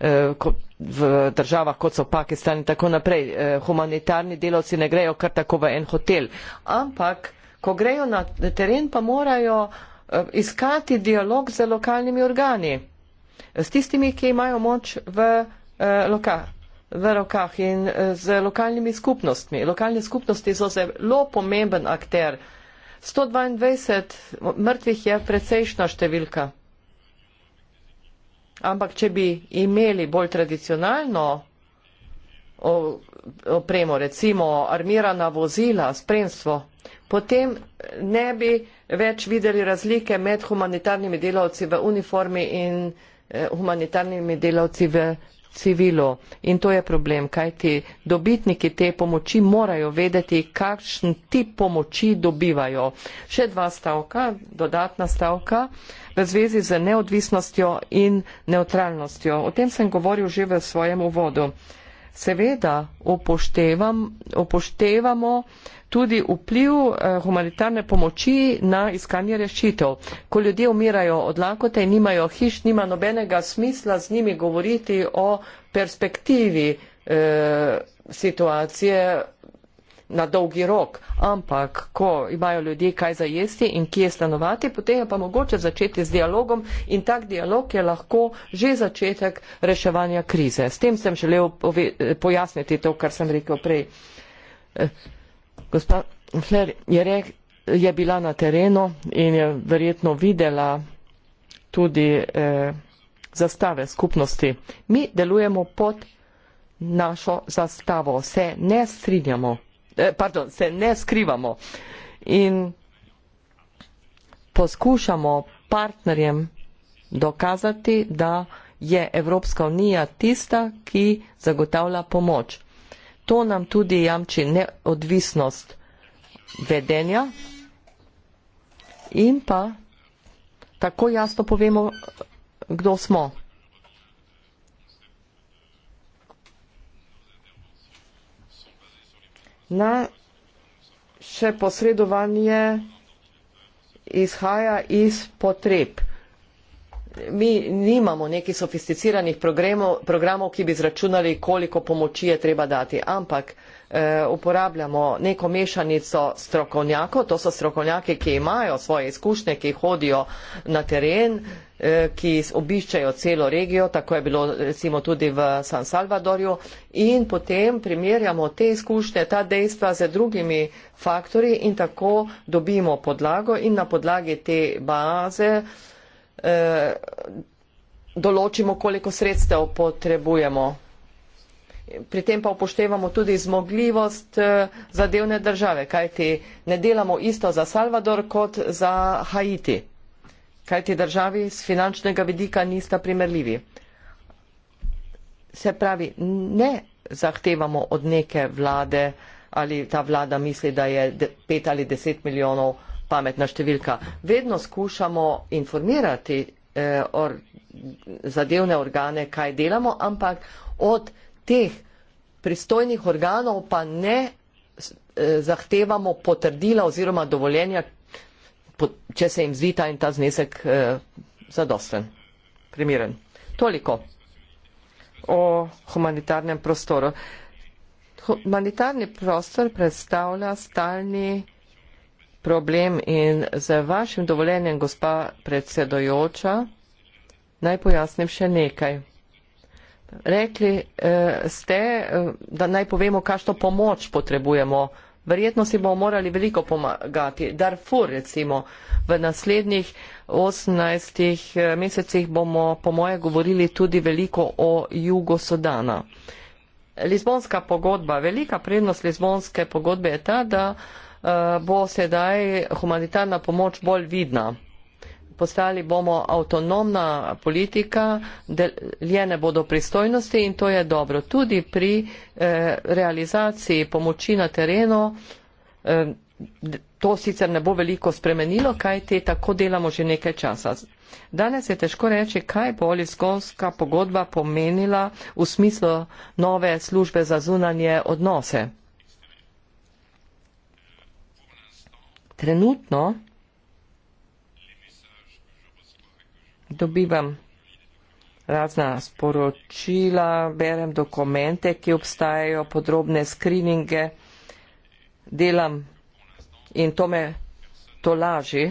eh, ko, v državah, kot so Pakistan in tako naprej. Eh, humanitarni delavci ne grejo kar tako v en hotel. Ampak, ko grejo na teren, pa morajo eh, iskati dialog z lokalnimi organi s tistimi, ki imajo moč v, eh, loka, v rokah in eh, z lokalnimi skupnostmi. Lokalne skupnosti so zelo pomemben akter. 122 mrtvih je precejšna številka. Ampak, če bi imeli bolj tradicionalno opremo, recimo armirana vozila, spremstvo, potem ne bi več videli razlike med humanitarnimi delavci v uniformi in uh, Eh, humanitarnimi delavci v civilu. In to je problem, kajti dobitniki te pomoči morajo vedeti, kakšen tip pomoči dobivajo. Še dva stavka, dodatna stavka v zvezi z neodvisnostjo in neutralnostjo. O tem sem govoril že v svojem uvodu. Seveda upoštevam, upoštevamo tudi vpliv eh, humanitarne pomoči na iskanje rešitev. Ko ljudje umirajo od lakote in nimajo hiš, nima nobenega smisla z njimi govoriti o perspektivi eh, situacije na dolgi rok. Ampak, ko imajo ljudje kaj za jesti in kje stanovati, potem je pa mogoče začeti z dialogom in tak dialog je lahko že začetek reševanja krize. S tem sem želel pojasniti to, kar sem rekel prej. Eh gospa Fler je, rek, je bila na terenu in je verjetno videla tudi eh, zastave skupnosti. Mi delujemo pod našo zastavo, se ne strinjamo, eh, pardon, se ne skrivamo in poskušamo partnerjem dokazati, da je Evropska unija tista, ki zagotavlja pomoč. To nam tudi jamči neodvisnost vedenja in pa tako jasno povemo, kdo smo. Na še posredovanje izhaja iz potreb mi nimamo nekih sofisticiranih programov, programov ki bi izračunali, koliko pomoči je treba dati, ampak eh, uporabljamo neko mešanico strokovnjakov, to so strokovnjaki, ki imajo svoje izkušnje, ki hodijo na teren, eh, ki obiščajo celo regijo, tako je bilo recimo tudi v San Salvadorju, in potem primerjamo te izkušnje, ta dejstva z drugimi faktori in tako dobimo podlago in na podlagi te baze eh, določimo, koliko sredstev potrebujemo. Pri tem pa upoštevamo tudi zmogljivost eh, zadevne države, kajti ne delamo isto za Salvador kot za Haiti, kajti državi z finančnega vidika nista primerljivi. Se pravi, ne zahtevamo od neke vlade ali ta vlada misli, da je pet ali deset milijonov pametna številka. Vedno skušamo informirati eh, or, zadevne organe, kaj delamo, ampak od teh pristojnih organov pa ne eh, zahtevamo potrdila oziroma dovoljenja, po, če se jim zdi ta in ta znesek eh, zadosten. Primeren. Toliko o humanitarnem prostoru. Humanitarni prostor predstavlja stalni problem in z vašim dovoljenjem, gospa predsedojoča, naj pojasnim še nekaj. Rekli eh, ste, eh, da naj povemo, kakšno pomoč potrebujemo. Verjetno si bomo morali veliko pomagati. Darfur, recimo, v naslednjih 18 eh, mesecih bomo, po moje, govorili tudi veliko o jugosodana. Lizbonska pogodba, velika prednost Lizbonske pogodbe je ta, da eh, Eh, bo sedaj humanitarna pomoč bolj vidna. Postali bomo avtonomna politika, deljene bodo pristojnosti in to je dobro. Tudi pri eh, realizaciji pomoči na terenu eh, to sicer ne bo veliko spremenilo, kaj te tako delamo že nekaj časa. Danes je težko reči, kaj bo Lizgonska pogodba pomenila v smislu nove službe za zunanje odnose. Trenutno dobivam razna sporočila, berem dokumente, ki obstajajo, podrobne skrininge, delam in to me to laži.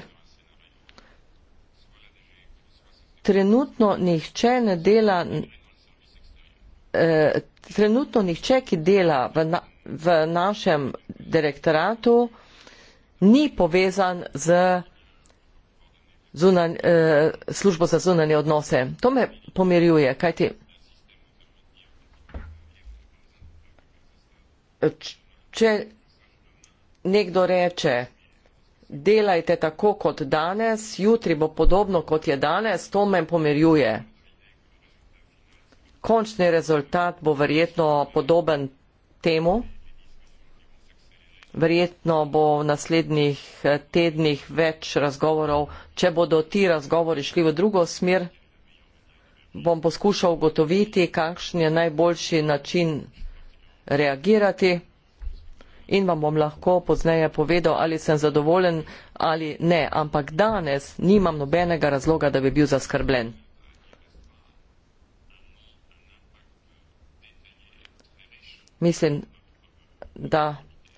Trenutno nihče ne dela, eh, trenutno nihče, ki dela v, na, v našem direktoratu, ni povezan z zunan, eh, službo za zunanje odnose. To me pomirjuje, kajti če nekdo reče, delajte tako kot danes, jutri bo podobno kot je danes, to me pomirjuje. Končni rezultat bo verjetno podoben temu, Verjetno bo v naslednjih eh, tednih več razgovorov. Če bodo ti razgovori šli v drugo smer, bom poskušal ugotoviti, kakšen je najboljši način reagirati in vam bom lahko pozneje povedal, ali sem zadovoljen ali ne. Ampak danes nimam nobenega razloga, da bi bil zaskrbljen. Mislim, da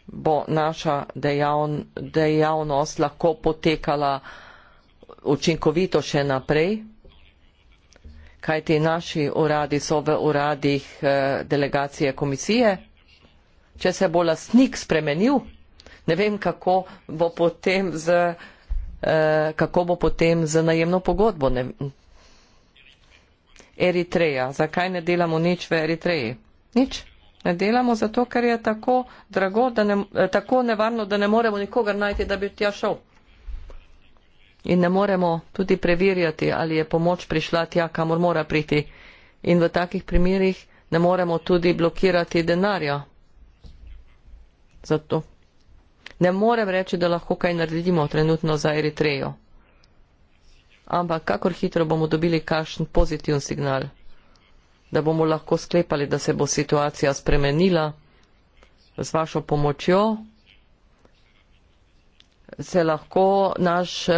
bo naša dejavn, dejavnost lahko potekala učinkovito še naprej, kajti naši uradi so v uradih eh, delegacije komisije. Če se bo lasnik spremenil, ne vem, kako bo potem z, eh, kako bo potem z najemno pogodbo. Ne, Eritreja. Zakaj ne delamo nič v Eritreji? Nič ne delamo zato, ker je tako, drago, da ne, eh, tako nevarno, da ne moremo nikogar najti, da bi tja šel. In ne moremo tudi preverjati, ali je pomoč prišla tja, kamor mora priti. In v takih primerjih ne moremo tudi blokirati denarja. Zato ne morem reči, da lahko kaj naredimo trenutno za Eritrejo. Ampak kakor hitro bomo dobili kakšen pozitivn signal da bomo lahko sklepali, da se bo situacija spremenila. Z vašo pomočjo se lahko naš eh,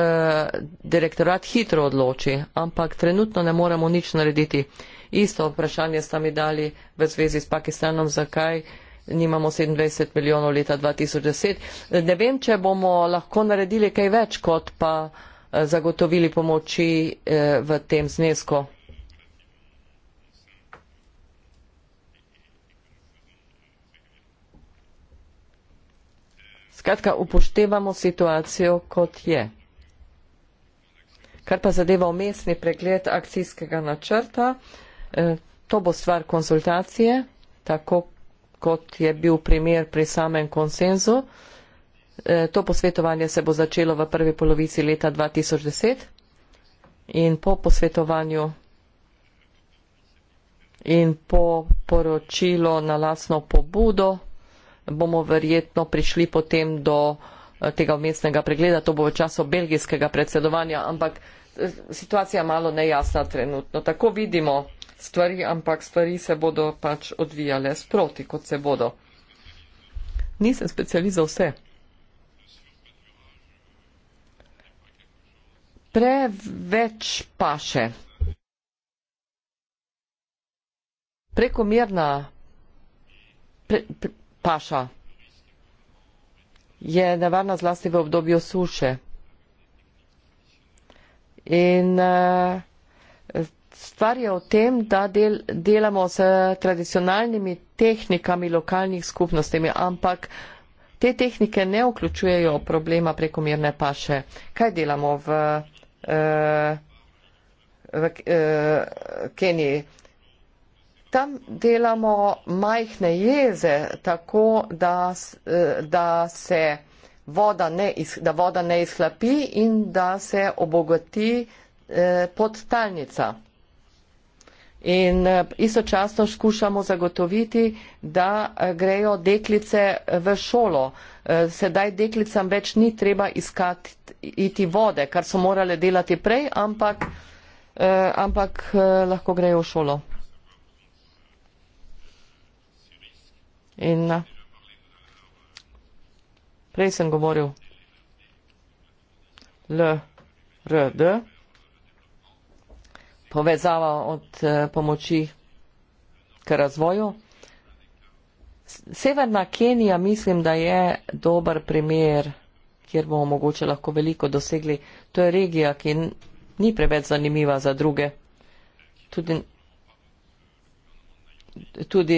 direktorat hitro odloči, ampak trenutno ne moremo nič narediti. Isto vprašanje ste mi dali v zvezi s Pakistanom, zakaj nimamo 27 milijonov leta 2010. Ne vem, če bomo lahko naredili kaj več, kot pa eh, zagotovili pomoči eh, v tem znesku. Skratka, upoštevamo situacijo, kot je. Kar pa zadeva omestni pregled akcijskega načrta, eh, to bo stvar konzultacije, tako kot je bil primer pri samem konsenzu. Eh, to posvetovanje se bo začelo v prvi polovici leta 2010 in po posvetovanju in po poročilo na lasno pobudo bomo verjetno prišli potem do eh, tega umestnega pregleda, to bo v času belgijskega predsedovanja, ampak eh, situacija je malo nejasna trenutno. Tako vidimo stvari, ampak stvari se bodo pač odvijale sproti, kot se bodo. Nisem specialist za vse. Preveč paše. Prekomerna, pre, pre, paša je nevarna zlasti v obdobju suše. In eh, stvar je v tem, da del, delamo s tradicionalnimi tehnikami lokalnih skupnostimi, ampak te tehnike ne vključujejo problema prekomirne paše. Kaj delamo v, eh, v, v, eh, v Keniji? Tam delamo majhne jeze, tako da, eh, da se voda ne, da voda ne izhlapi in da se obogati eh, podtalnica. In eh, istočasno skušamo zagotoviti, da grejo deklice v šolo. Sedaj deklicam več ni treba iskati iti vode, kar so morale delati prej, ampak, ampak lahko grejo v šolo. In eh, prej sem govoril LRD, povezava od eh, pomoči k razvoju. Severna Kenija mislim, da je dober primer, kjer bomo mogoče lahko veliko dosegli. To je regija, ki ni preveč zanimiva za druge. Tudi, tudi